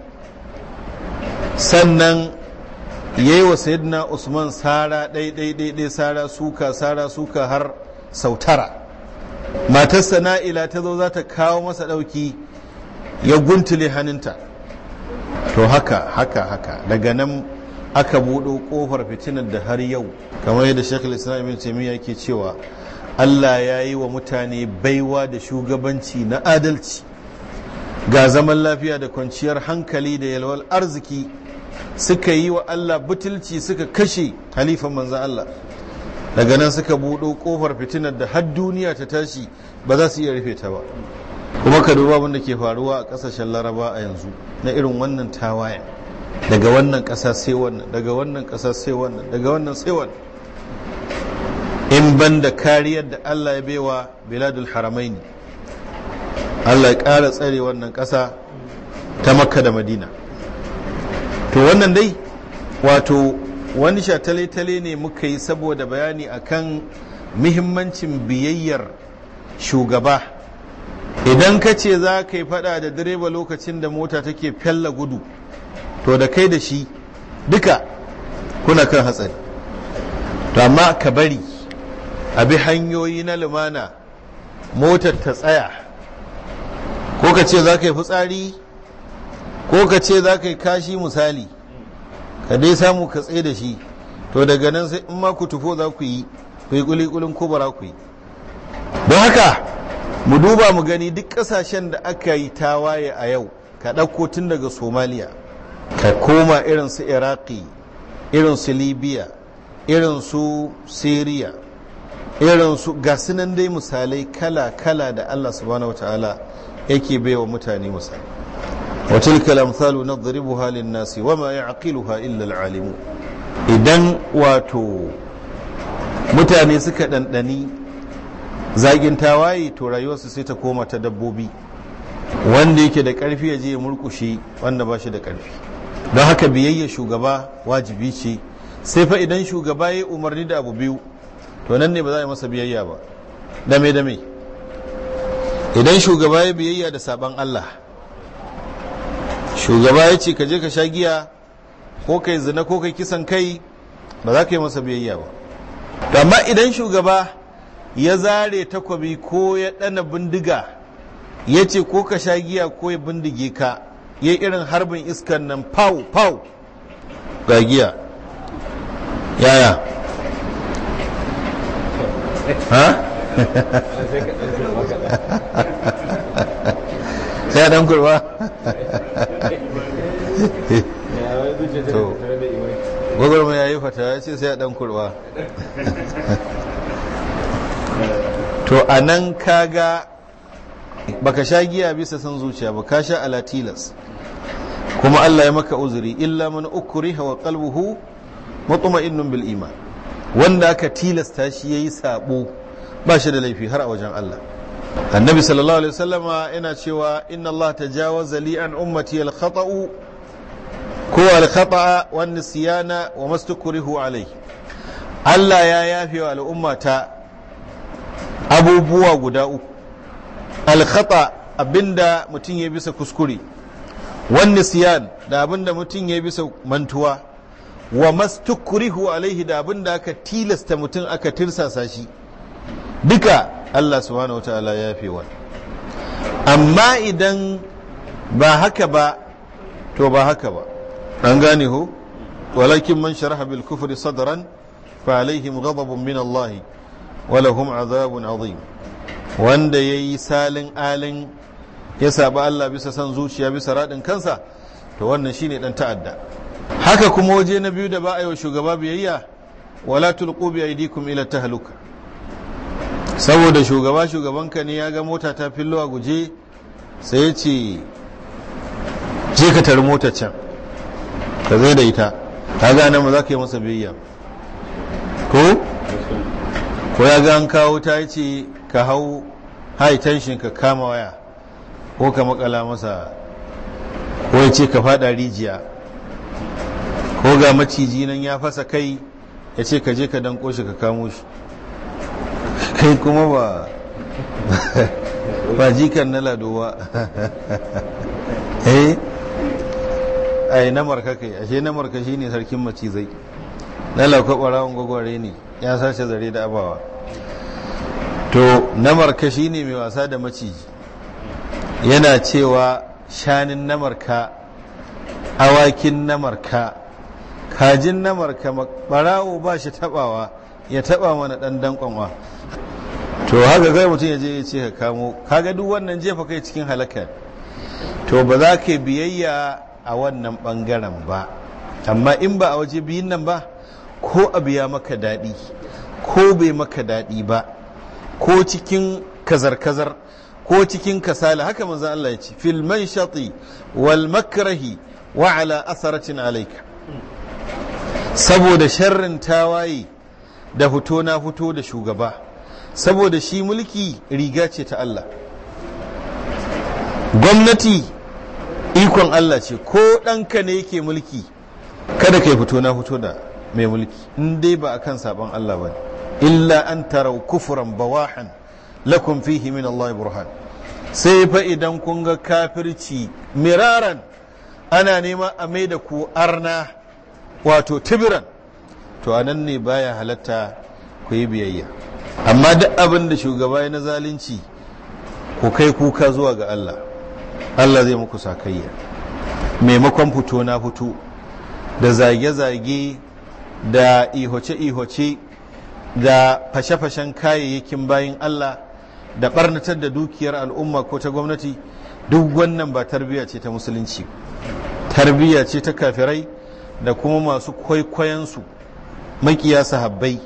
S1: sannan ya yi wa sayyidina Usman sara ɗai ɗai ɗai sara suka sara suka har sautara matar sana'ila ta zo za ta kawo masa ɗauki ya guntule hannunta to haka haka haka daga nan aka buɗo ƙofar fitinar da har yau kamar yadda shekul islam ibn taimiyya ke cewa allah ya yi wa mutane baiwa da shugabanci na adalci ga zaman lafiya da kwanciyar hankali da yalwar arziki suka yi wa allah butulci suka kashe halifan manzan allah daga nan suka buɗo ƙofar fitinar da har duniya ta tashi ba za su iya rufe ta ba kuma ka duba wanda ke faruwa a ƙasashen laraba a yanzu na irin wannan tawayen daga wannan ƙasa sai wannan daga wannan ƙasa sai wannan daga wannan sai wannan in ban da kariyar da allah ya baiwa biladul ne allah ya ƙara tsare wannan ƙasa ta makka da madina to wannan dai wato wani shataletale tale ne muka yi saboda bayani akan muhimmancin biyayyar shugaba idan ka ce za ka yi fada da direba lokacin da mota take fella gudu to da kai da shi duka kuna kan hatsari to amma ka bari a bi hanyoyi na lumana motar ta tsaya ko ka ce za ka yi fitsari ko ka ce za ka yi kashi misali ka dai samu ka tsaye da shi to daga nan sai in ma ku tufo za ku yi ku yi kulikulin kubara ku yi don haka mu duba mu gani duk kasashen da aka yi tawaye a yau ka ɗauko tun daga somaliya ka koma irin su iraki irin su libya irin su syria irin su dai misalai kala-kala da allah subhanahu wa ta'ala yake baiwa mutane misali وتلك الأمثال نضربها للناس وما يعقلها إلا العالم إذن واتو mutane suka ɗanɗani zagin tawaye to rayuwarsu sai ta koma ta dabbobi wanda yake da karfi ya je ya murkushe wanda ba shi da karfi. don haka biyayya shugaba wajibi ce sai fa idan shugaba ya umarni da abu biyu to nan ne ba za a yi masa biyayya ba dame dame idan shugaba ya biyayya da sabon Allah shugaba ya ce ka je ka sha giya ko kai zina ko kisan kai ba za ka yi masa biyayya ba amma idan shugaba ya zare takwabi ko ya ɗana bindiga ya ce ko ka sha giya ko ya bindige ka ya irin harbin iskan nan pau pau ga giya yaya ha? sai dan kurwa to gwagwarmu ya yi fata ya ce sai a dan kurwa to a nan kaga baka sha giya bisa san zuciya ba ka sha ala kuma Allah ya maka uzuri illa man ukuri hawa kalbuhu matsuma innun bil'ima. wanda aka tilasta shi ya yi sabo ba shi da laifi har a wajen Allah annabi sallallahu alaihi wasallama yana cewa inna Allah jawo zali an ummati al ko alkhata wan nisyana wa mastukrihu alai Allah ya yafe wa ta abubuwa guda uku alkhata abinda mutum ya bisa kuskure wan nisyan da abinda mutum ya bisa mantuwa wa mastukrihu alaihi da abinda aka tilasta mutum aka tirsasa shi duka Allah subhanahu wataala ya yafe wa amma idan ba haka ba to ba haka ba an gane ho walakin man sharaha bil kufri sadran fa alaihim ghadabun min Allah wa lahum azabun azim wanda yayi salin alin ya saba Allah bisa san zuciya bisa radin kansa to wannan shine dan ta'adda haka kuma waje na biyu da ba a yi wa shugaba biyayya wala tulqu bi aidikum ila tahluka saboda shugaba shugabanka ne ya ga mota ta fillo a guje sai ya ce je ka tar mota can ka zai da ita ta gane ma za ka yi masa biyayya ko ko ya ga an kawo ta ce ka hau high tension ka kama waya ko ka makala masa ko ya ce ka fada rijiya ko ga maciji nan ya fasa kai ya ce ka je ka dan shi ka kamo shi kai kuma ba ba jikan na ladowa eh ai na marka kai ashe na marka shine sarkin macizai na lauka barawon gwagware ne ya sace zare da abawa to na marka shine mai wasa da maciji yana cewa shanin na marka awakin na marka kajin na marka ɓarawo ba shi taɓawa ya taba mana dan dankwanwa to haka zai mutum ya je ya ce ka kamo kaga duk wannan jefa kai cikin halakar to ba za ka biyayya a wannan bangaren ba amma in ba a waje biyun nan ba ko abu ya maka daɗi ko bai maka daɗi ba ko cikin kazar-kazar ko cikin kasala haka manzan Allah ya ce filman manshati wal makarahi wa ala asaracin alaika saboda sharrin tawaye da huto na huto da shugaba saboda shi mulki riga ce ta Allah gwamnati ikon Allah ce ko ɗanka ne yake mulki kada ka yi fito na fito da mai mulki in dai ba a kan sabon Allah ba illa an tarau kufuran bawahan lakum fihi min Allah burhan sai fa idan kun ga kafirci miraran ana nema a mai da ku arna wato tibiran to anan ne baya halatta ku yi biyayya amma duk abin da shugaba ya na zalunci ku kai kuka zuwa ga Allah Allah zai muku sakayya maimakon fito na fito da zage-zage da ihoce-ihoce da fashe-fashen kayayyakin bayan Allah da barnatar da dukiyar al'umma ko ta gwamnati duk wannan ba tarbiyya ce ta musulunci tarbiyya ce ta kafirai da kuma masu kwaikwayensu makiya sahabbai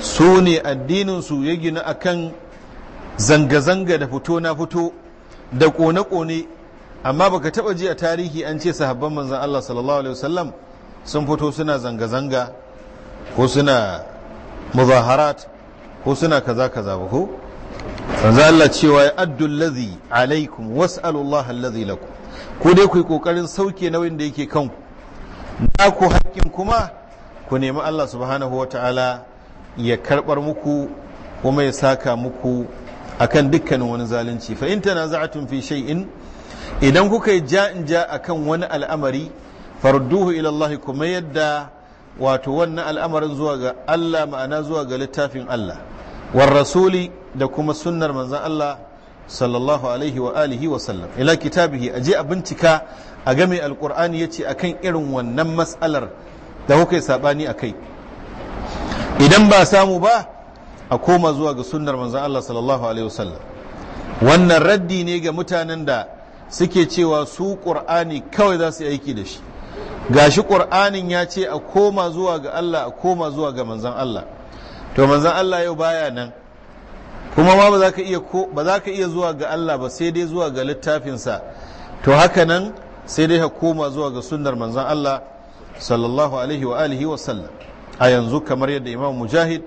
S1: su ne addininsu ya gina akan zanga-zanga da fito na fito da kone-kone amma baka taba ji a tarihi an ce sahabban manzan Allah sallallahu alaihi wasallam sun fito suna zanga-zanga ko suna muzaharat ko suna kaza-kaza ba ko manzan Allah cewa ya addul ladhi alaikum was'alullah alladhi lakum ko dai ku yi kokarin sauke nauyin da yake kanku na ku hakkin kuma ku nemi Allah subhanahu wataala ya karɓar muku kuma ya saka muku akan dukkanin wani zalunci fa in tanaza'tum fi shay'in idan kuka yi ja'in ja akan wani al'amari farduhu ila Allah kuma yadda wato wannan al'amarin zuwa ga Allah ma'ana zuwa ga littafin Allah war rasuli da kuma sunnar manzon Allah sallallahu alaihi wa alihi wa sallam ila kitabihi aje a bincika a game alqur'ani yace akan irin wannan mas'alar da kuka yi sabani akai idan ba samu ba a koma zuwa ga sunnar manzan Allah sallallahu alaihi wasallam wannan raddi ne ga mutanen da suke cewa su ƙur'ani kawai za su aiki da shi gashi ƙur'anin ya ce a koma zuwa ga Allah a koma zuwa ga manzan Allah to manzan Allah yau baya nan kuma ma ba za ka iya ba za ka iya zuwa ga Allah ba sai dai zuwa ga littafinsa to haka nan sai dai ka koma zuwa ga sunnar manzan Allah sallallahu alaihi wa alihi wa sallam a yanzu kamar yadda Imam Mujahid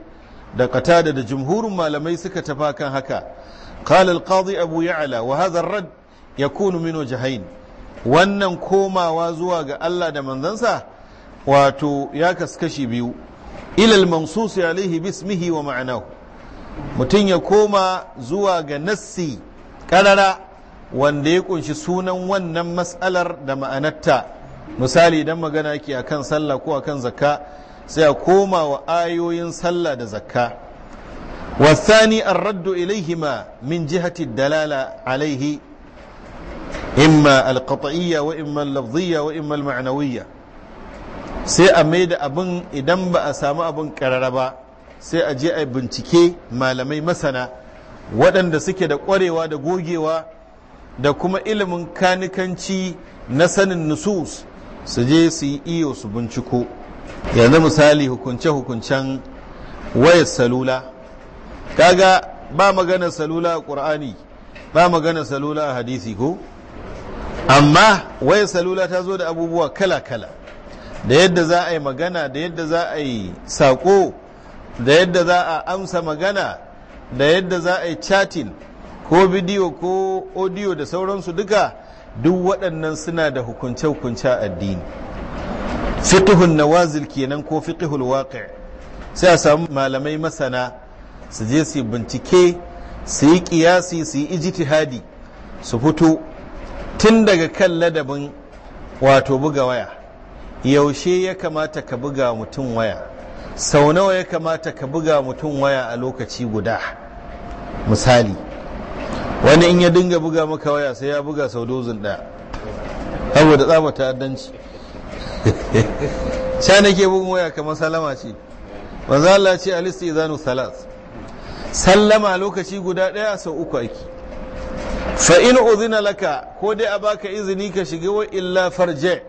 S1: da qatada da jumhurin malamai suka tafa kan haka qala al abu ya'la wa hadha ar-rad yakunu min wajhayn wannan komawa zuwa ga Allah da manzansa wato ya kaskashi biyu ilal mansus alaihi bismihi wa ma'anahu mutum ya koma zuwa ga nassi karara wanda ya kunshi sunan wannan matsalar da ma'anarta misali idan magana ke akan sallah ko akan zakka sai a koma wa ayoyin sallah da zakka wasani an raddu ilaihima min jihati dalala alaihi imma alqat'iyya wa imma lafziyya wa imma ma'anawiyya sai a mai da abin idan ba a samu abin karara ba sai a je a bincike malamai masana waɗanda suke da ƙwarewa da gogewa da kuma ilimin kanikanci na sanin nusus su je su yi iyo su binciko
S2: yanzu misali
S1: hukunce-hukuncen wayar salula kaga ba maganar salula a ƙur'ani ba maganar salula a hadisi ko amma wayar salula ta zo da abubuwa kala-kala da yadda za a yi magana da yadda za a yi saƙo da yadda za a amsa magana da yadda za a yi chatting ko bidiyo ko audio da sauransu duka duk waɗannan suna da hukunce-hukunce addini fiqhun nawazil kenan ko fiqhul waqi' sai a samu malamai masana su je su bincike su yi kiyasi su yi ijtihadi su fito tun daga kan ladabin wato buga waya yaushe ya kamata ka buga mutum waya sau nawa ya kamata ka buga mutum waya a lokaci guda misali wani in ya dinga buga maka waya sai ya buga sau dozin ɗaya saboda tsaba addanci. sha nake bugun waya kamar salama ce manzo Allah ce al zanu salas sallama lokaci guda daya sau uku aiki. fa in uzina laka ko dai a baka izini ka shiga wa illa farje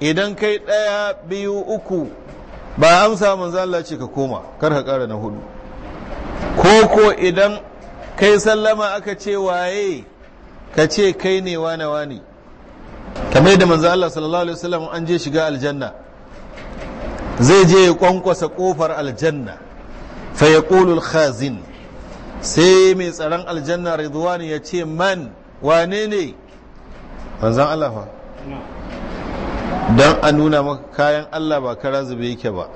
S1: idan kai daya biyu uku ba amsa manzo ce ka koma kar ka kara na hudu ko ko idan kai sallama aka ce waye ka ce kai ne wane wane kamar yadda manzo Allah sallallahu alaihi wasallam an je shiga aljanna zai je ya kwankwasa kofar aljanna fa yaqulu al-khazin sai mai tsaron aljanna ridwani ya ce man wane ne manzon Allah fa dan a nuna maka kayan Allah ba kara zube yake ba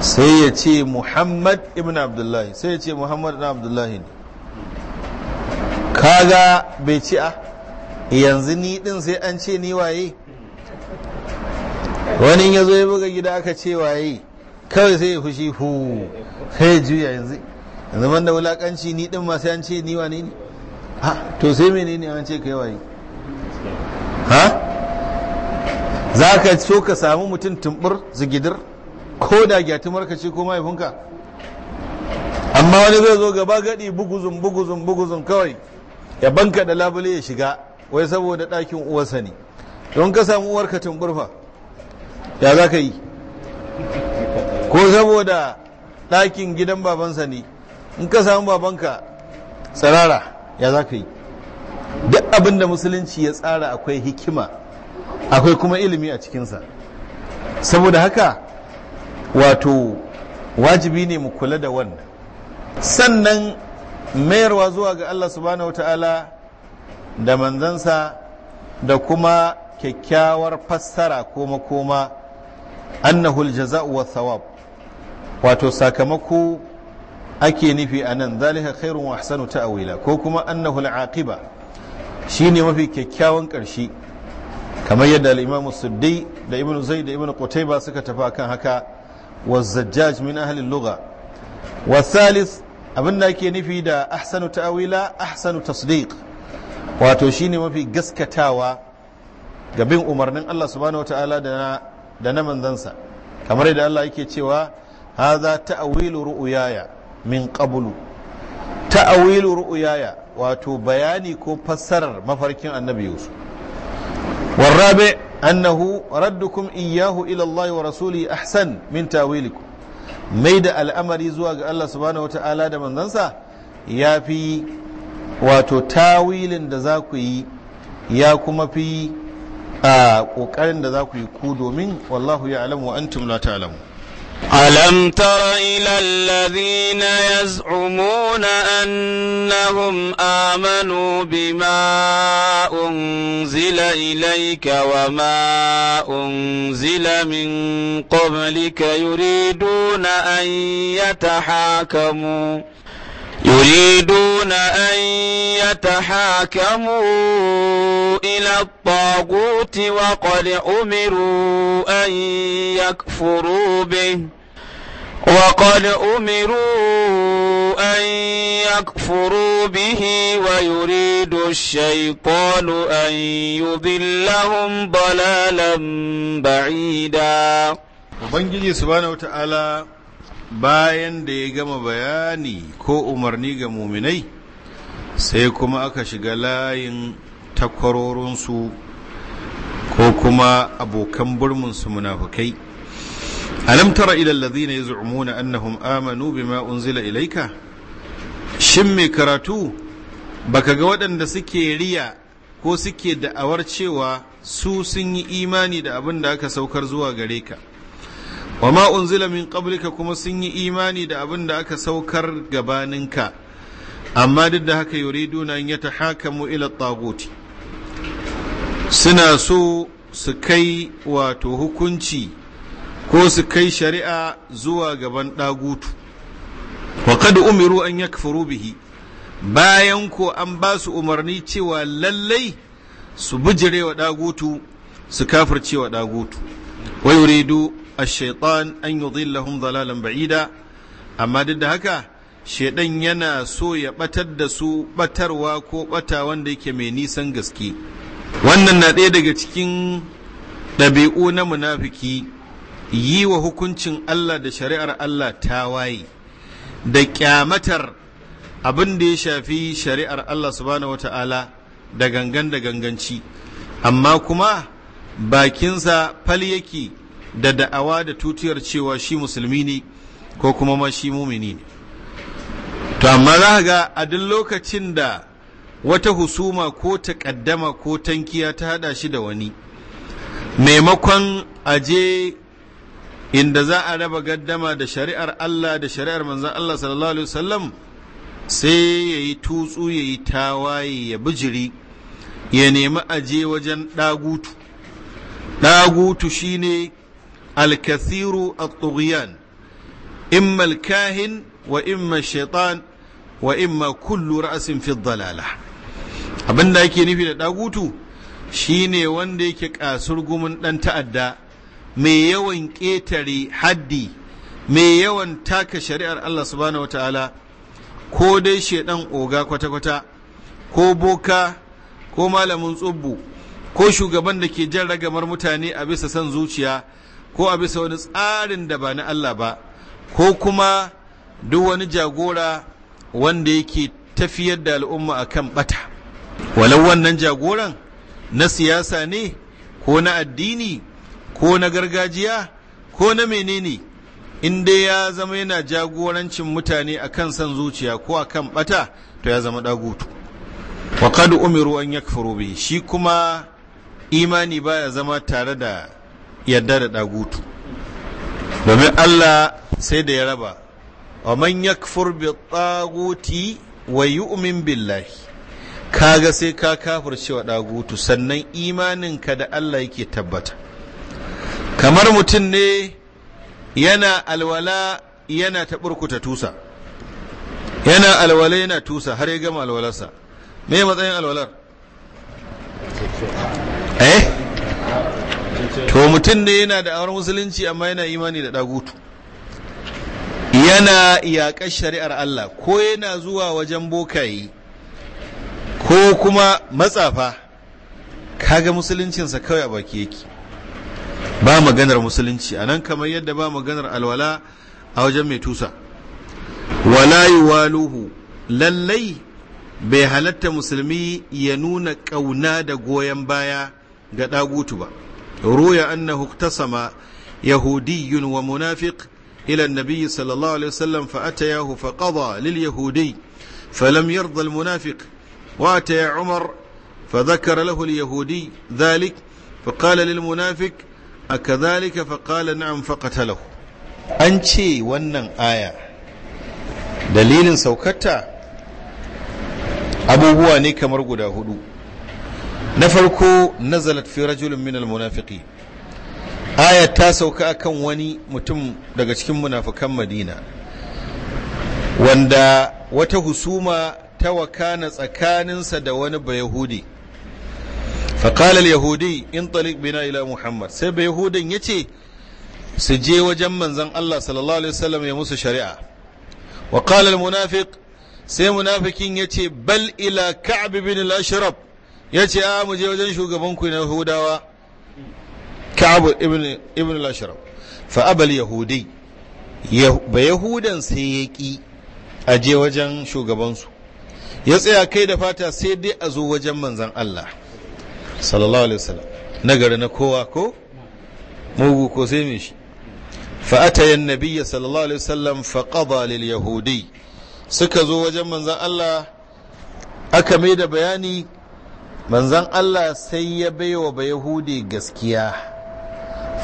S1: sai ya ce Muhammad ibn Abdullahi sai ya ce Muhammad ibn Abdullahi ne kaga bai ci a yanzu ni din sai an ce ni waye wani ya zo ya buga gida aka ce waye kawai sai ya fushi hu sai juya yanzu yanzu man da wulakanci ni din ma sai an ce ni wane ne ha to sai menene an ce kai waye ha za ka so ka samu mutum tumbur zigidir ko da gyatumar ka ce ko mahaifinka amma wani zai zo gaba gadi buguzun buguzun buguzun kawai ya banka da labule ya shiga wai saboda ɗakin uwarsa ne don ka samu uwarka tumburfa ya za ka yi ko saboda ɗakin gidan babansa ne in ka samu babanka tsarara ya za ka yi duk abin da musulunci ya tsara akwai hikima akwai kuma ilimi a cikinsa saboda haka wato wajibi ne mu kula da wannan sannan mayarwa zuwa ga Allah subhanahu wa ta'ala da manzansa da kuma kyakkyawar fassara koma koma annahul jaza'u wa thawab wato sakamako ake nufi a nan zalika khairun wa ahsanu ta'wila ko kuma annahul aqiba shine mafi kyakkyawan ƙarshe kamar yadda al-imamu suddi da ibnu zaid da ibnu qutayba suka tafi akan haka wa zajjaj min ahli lugha wa thalith abin ake nufi da ahsanu ta'wila ahsanu tasdiq wato shine mafi gaskatawa ga bin umarnin Allah subhanahu ta'ala da na manzansa kamar yadda Allah yake cewa haza ta'awilu ru'uyaya min qablu ta'awilu ru'uyaya wato bayani ko fassarar mafarkin annabi Yusuf والرابع أنه wa إياه ahsan min ورسوله mai da al'amari zuwa ga Allah subhanahu wa ta'ala da manzansa ya fi. wato tawilin da za ku yi ya kuma fi a ƙoƙarin da za ku yi ku domin
S2: wallahu ya alamu wa antum la ta'lamu alam tara ila alladhina yaz'umuna annahum amanu bima unzila ilayka wa ma unzila min qablika yuriduna an yatahakamu يريدون أن يتحاكموا إلى الطاغوت وقد أمروا أن يكفروا به وقد أمروا أن يكفروا به ويريد الشيطان أن يضلهم ضلالا
S1: بعيدا وبنجي سبحانه وتعالى bayan da ya gama bayani ko umarni ga muminai sai kuma aka shiga layin takwarorinsu ko kuma abokan burminsu munafukai alam tara ila alladhina yaz'umuna annahun amanu bima unzila ilaika. shin mai karatu baka ga waɗanda suke riya ko suke da'awar cewa su sun yi imani da abin da aka saukar zuwa gare ka wa ma unzila min qablika kuma sun yi imani da abin da aka saukar gabaninka amma duk da haka yuriduna an yatahakamu ila taguti suna so su kai wato hukunci ko su kai shari'a zuwa gaban dagutu wa kad umiru an yakfuru bihi bayan ko an ba su umarni cewa lallai su bijirewa dagutu su kafircewa dagutu wa yuridu ash-shaytan an yudhillahum dalalan ba'ida amma duk da haka shaiɗan yana so ya ɓatar da su ɓatarwa ko bata wanda yake mai nisan gaske wannan na ɗaya daga cikin ɗabi'u na munafuki, yi wa hukuncin Allah da shari'ar Allah tawaye da ƙyamatar abin da ya shafi shari'ar Allah subhanahu da gangan da ganganci amma kuma bakinsa fal yake da da'awa da tutuyar cewa shi musulmi ne ko kuma ma shi mumini ne to amma za ga a duk lokacin da wata husuma ko taƙaddama ko tankiya ta hada shi da wani maimakon aje inda za a raba gaddama da shari'ar Allah da shari'ar manzan Allah sallallahu alaihi wasallam sai ya yi tutsu ya yi tawaye ya bijiri ya nemi aje wajen ɗagutu ɗagutu shine alkathiru at-tughyan imma al wa imma shaitan wa imma kullu ra'sin fi abinda yake nufi da dagutu shine wanda yake kasur gumin ɗan ta'adda mai yawan ƙetare haddi mai yawan taka shari'ar Allah subhanahu ko dai shaidan oga kwata-kwata ko boka ko malamin tsubbu ko shugaban da ke jan ragamar mutane a bisa son zuciya ko a bisa wani tsarin da ba na Allah ba ko kuma duk wani jagora wanda yake tafiyar da al'umma a kan bata walau wannan jagoran na siyasa ne ko na addini ko na gargajiya ko na menene in dai ya zama yana jagorancin mutane a kan son zuciya ko a kan bata to ya zama dagutu wa umiru an yakfuru bihi shi kuma imani baya zama tare da yadda da ɗagutu domin Allah sai da ya raba wa man yakfur bi ɗaguti wa umin billahi kaga sai ka kafirce wa ɗagutu sannan imaninka da Allah yake tabbata kamar mutum ne yana alwala yana ta burkuta tusa yana alwala yana tusa har ya gama alwalarsa me matsayin alwalar eh to mutum ne yana da auren musulunci amma yana imani da dagutu yana yaƙar shari'ar Allah ko yana zuwa wajen bokaye ko kuma matsafa kaga musuluncinsa kawai a baki yake ba maganar musulunci a nan kamar yadda ba maganar alwala a wajen mai tusa wala waluhu lallai bai halatta musulmi ya nuna ƙauna da goyon baya ga ɗagutu ba روي أنه اقتسم يهودي ومنافق إلى النبي صلى الله عليه وسلم فأتياه فقضى لليهودي فلم يرضى المنافق وأتي عمر فذكر له اليهودي ذلك فقال للمنافق أكذلك فقال نعم فقتله أنشي ونن آية دليل سوكتا abubuwa ne kamar guda hudu na farko nazalat fi rajulun min almunafiqi aya ta sauka akan wani mutum daga cikin munafikan madina wanda wata husuma ta wakana tsakaninsa da wani bayahudi فقال Yahudi, انطلق بنا الى Muhammad, sai bai ya yace su je wajen manzon Allah sallallahu alaihi wasallam ya musu shari'a wa munafik sai munafikin yace bal ila ka'b bin al ashraf ya ce a muje wajen shugaban ku na yahudawa ka'abu ibn ibn al-ashraf fa abal yahudi ba yahudan sai ya ki a je wajen shugabansu ya tsaya kai da fata sai dai a zo wajen manzan Allah sallallahu alaihi wasallam nagari na kowa ko mugu ko sai mai shi fa ataya nabiya sallallahu alaihi wasallam fa lil yahudi suka zo wajen manzan Allah aka mai da bayani manzan Allah sai ya baiwa ba Yahudi gaskiya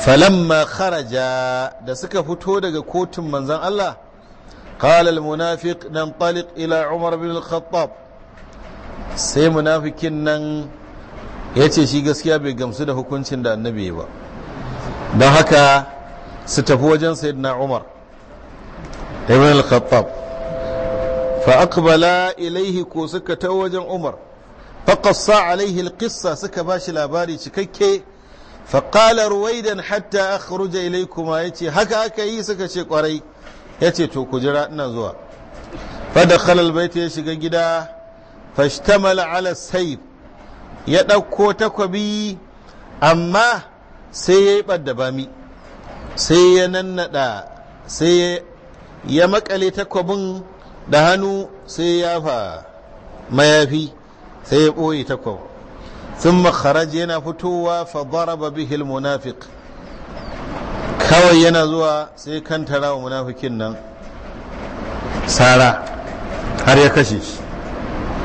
S1: falamma kharaja da suka fito daga kotun manzan Allah nan taliq ila Umar bin al khattab sai munafikin nan ya ce shi gaskiya bai gamsu da hukuncin da annabi ba don haka su tafi wajen sayyidina umar ibn al-khattab fa aqbala ilaihi ko suka ta wajen umar faƙasa alaihi alƙissa suka ba shi labari cikakke faƙala ruwaidan hatta aka ruja ilai kuma ya ce haka aka yi suka ce ƙwarai ya ce to ku jira ina zuwa fada khalal baita ya shiga gida fashtamala ala saif ya ɗauko takwabi amma sai ya yi ɓadda bami sai ya nannaɗa sai ya makale takwabin da hannu sai ya fa mayafi sai ya ɓoye takwab sun makharaj yana fitowa fa daraba bihi almunafiq kawai yana zuwa sai kantara wa munafikin nan sara har ya kashe shi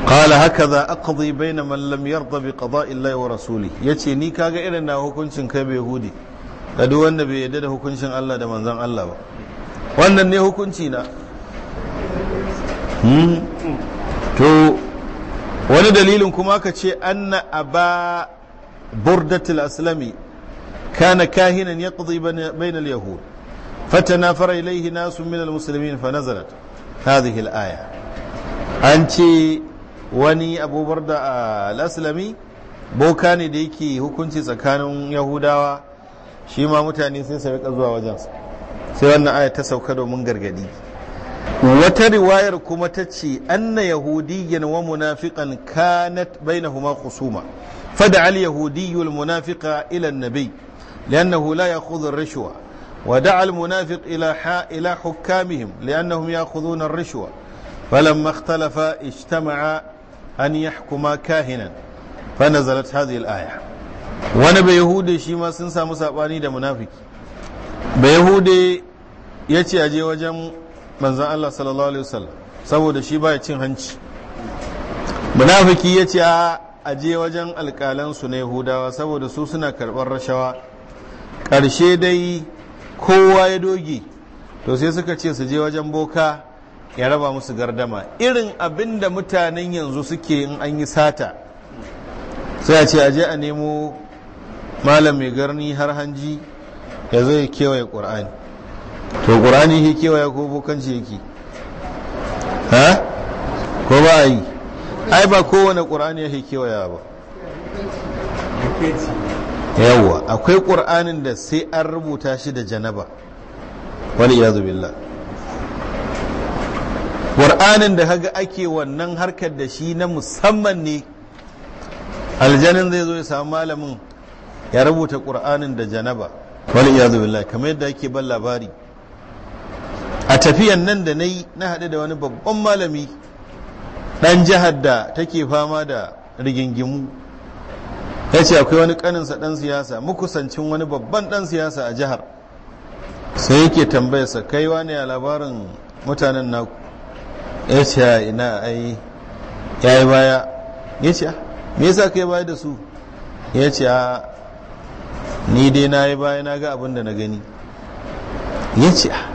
S1: haka za a bai na mallam yarda من لم يرضى wa rasuli ya ce ni kaga irin na hukuncin kai bai hudi da duk wanda bai yarda da hukuncin Allah da manzan Allah ba wannan ne hukunci na hmm? to wani dalilin kuma ka ce anna aba burdatul aslami kana kahinan yaqdi bainal yahud فتنافر إليه ناس من المسلمين فنزلت هذه الآية أنت وني أبو بردة الأسلمي boka ne da yake hukunci tsakanin yahudawa shi ma mutane sai su zuwa wajen sai wannan aya ta sauka domin gargadi wata riwayar kuma ta ce anna yahudiyyan wa munafiqan kanat bainahuma khusuma fada al yahudiyyu al munafiqa ila an nabi li'annahu la ya'khudhu ar rishwa wa da'a al munafiq ila ha ila hukamihim li'annahum ya'khudhuna ar rishwa falamma ikhtalafa ijtama'a an yahkuma kahinan فنزلت هذه wani bai yahude shi ma sun samu saɓani da munafiki bai yahude ya ce aje wajen manzan Allah sallallahu alaihi wasallam saboda shi baya cin hanci munafiki ya ce a aje wajen alkalansu na yahudawa saboda su suna karɓar rashawa ƙarshe dai kowa ya doge to sai suka ce su je wajen boka ya raba musu gardama irin abin da mutanen yanzu suke in an yi sata sai a ce a nemo malam mai garni har hanji ya zai ya kewaye ƙur'ani to qur'ani yake waya ko bokanci yake ha ko ba yi ai ba kowane qur'ani yake kewaya ba yawwa akwai ƙur'anin da sai an rubuta shi da janaba Wani iya billah ƙur'anin da haga ake wannan harkar da shi na musamman ne aljanin zai zo ya samu malamin ya rubuta ƙur'anin da janaba Wani iya billah kamar yadda ake ban labari a tafiyan nan da na yi na haɗu da wani babban malami ɗan jihar da take fama da rigingimu ya ce akwai wani ƙaninsa ɗan siyasa mukusancin wani babban ɗan siyasa a jihar sai yake tambayarsa kai wani a labarin mutanen naku ya ce ina ai ya yi baya ya ce ah, me yasa kai baya da su ya ce ah, ni dai na yi baya na ga abin da na gani ya ce ah,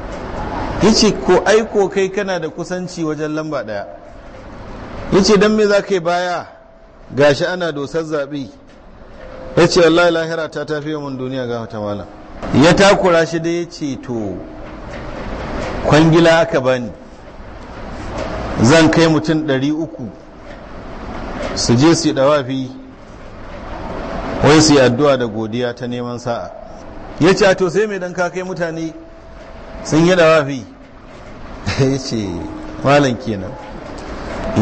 S1: ya ce ko aiko kai kana da kusanci wajen lamba ɗaya ya ce don me za ka yi baya gashi ana dosar zaɓi ya ce wallahi lahira ta tafi mun duniya ga wata mala ya takura shi da ya ce to kwangila aka bani zan kai mutum ɗari uku su je su yi ɗawafi wai su yi addu'a da godiya ta neman sa'a ya ce to sai mai dan ka kai mutane sun yi dawafi ya ce malam kenan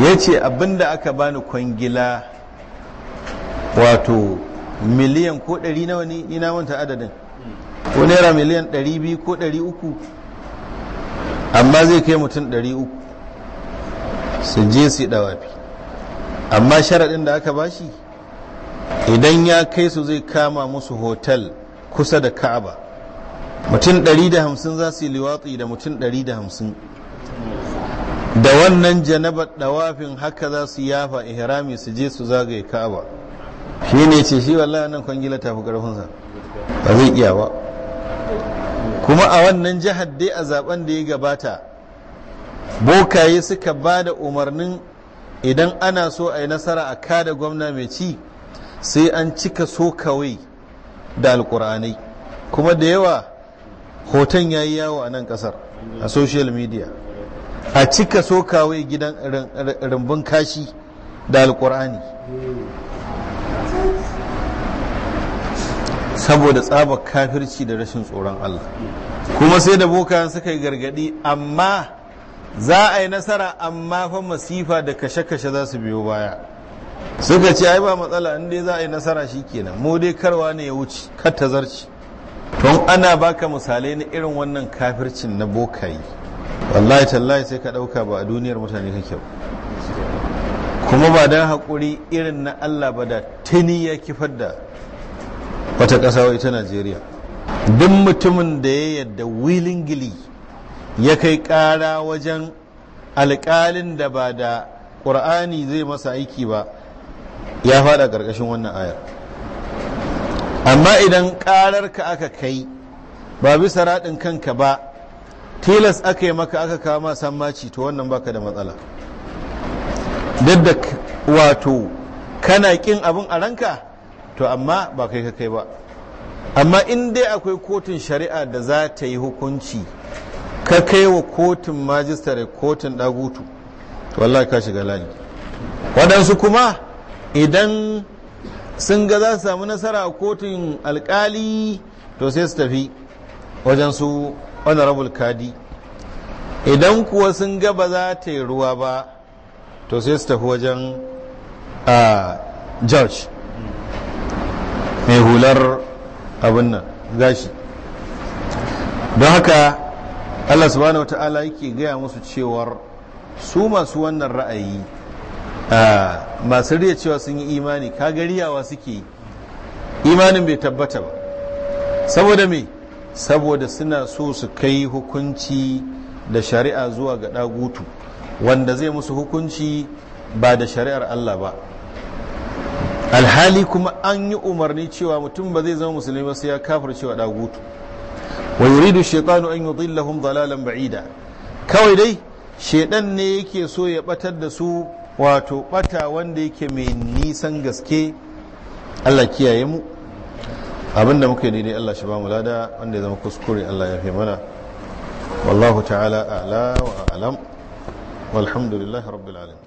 S1: ya ce abinda aka bani kwangila wato miliyan ko ɗari nawa ne ina manta adadin ko naira miliyan ɗari biyu ko ɗari uku amma zai kai mutum ɗari uku su je su yi dawafi amma sharaɗin da aka bashi idan ya kai su zai kama musu hotel kusa da ka'aba
S2: mutum 150
S1: za su yi liwatsi da mutum 150 da wannan janaba dawafin haka za su yafa ihrami su je su zagaye ka'aba shi ne ce shi wallah nan kwangila tafi karfinsa ba zai iya ba kuma a wannan jihar dai a zaben da ya gabata bokaye suka ba da umarnin idan ana so a yi nasara a kada gwamna mai ci sai an cika so kawai da alkur'anai kuma da yawa hoton ya yi yawo a nan kasar a social media a cika so kawai gidan rumbun kashi da alkur'ani saboda tsaba kafirci da rashin tsoron Allah kuma sai da boka suka yi gargadi amma za a yi nasara amma fa masifa da kashe-kashe za su biyo baya suka ce ai ba matsala in dai za a yi nasara shi kenan mu dai karwa ne ya wuce kar ta zarci Ton ana baka misalai na irin wannan kafircin na bokayi wallahi tallahi sai ka ɗauka ba a duniyar mutane kake kuma ba don haƙuri irin na allah ba da tuni ya kifar da wata ƙasa ita najeriya duk mutumin da ya yadda willingly ya kai ƙara wajen alƙalin da ba da ƙur'ani zai masa aiki ba ya faɗa ƙarƙashin wannan ayar amma idan ka aka kai ba bisa raɗin kanka ba tilas aka yi maka aka kawo kama maci to wannan baka da matsala duk da wato kana ƙin abin a ranka to amma ba kai ka kai ba amma in dai akwai kotun shari'a da za ta yi hukunci ka kai wa kotun majistare kotun dagutu to wallahi ka shiga lani waɗansu kuma idan sun ga za su samu nasara a kotun alkali to sai su tafi wajen su honorable kadi idan kuwa sun ga ba za ta yi ruwa ba to sai su tafi wajen a george mai hular abin nan gashi don haka allah subhanahu wa ta'ala yake gaya musu cewar su masu wannan ra'ayi Ah, masu riya cewa sun yi imani kaga riyawa suke imanin bai tabbata ba saboda me saboda suna so su kai hukunci da shari'a zuwa ga ɗagutu wanda zai musu hukunci ba da shari'ar Allah ba alhali kuma an yi umarni cewa mutum ba zai zama musulmi ba sai ya kafar cewa ɗagutu wa yuridu shaitanu an yudillahum dalalan ba'ida kawai dai shaidan ne yake so ya batar da su wato bata wanda yake mai nisan gaske Allah kiyaye mu abinda muka yi daidai Allah shi ba mu lada wanda ya zama kuskure Allah ya fi mana wallahu ta'ala a'la wa a'lam walhamdulillahi rabbil alamin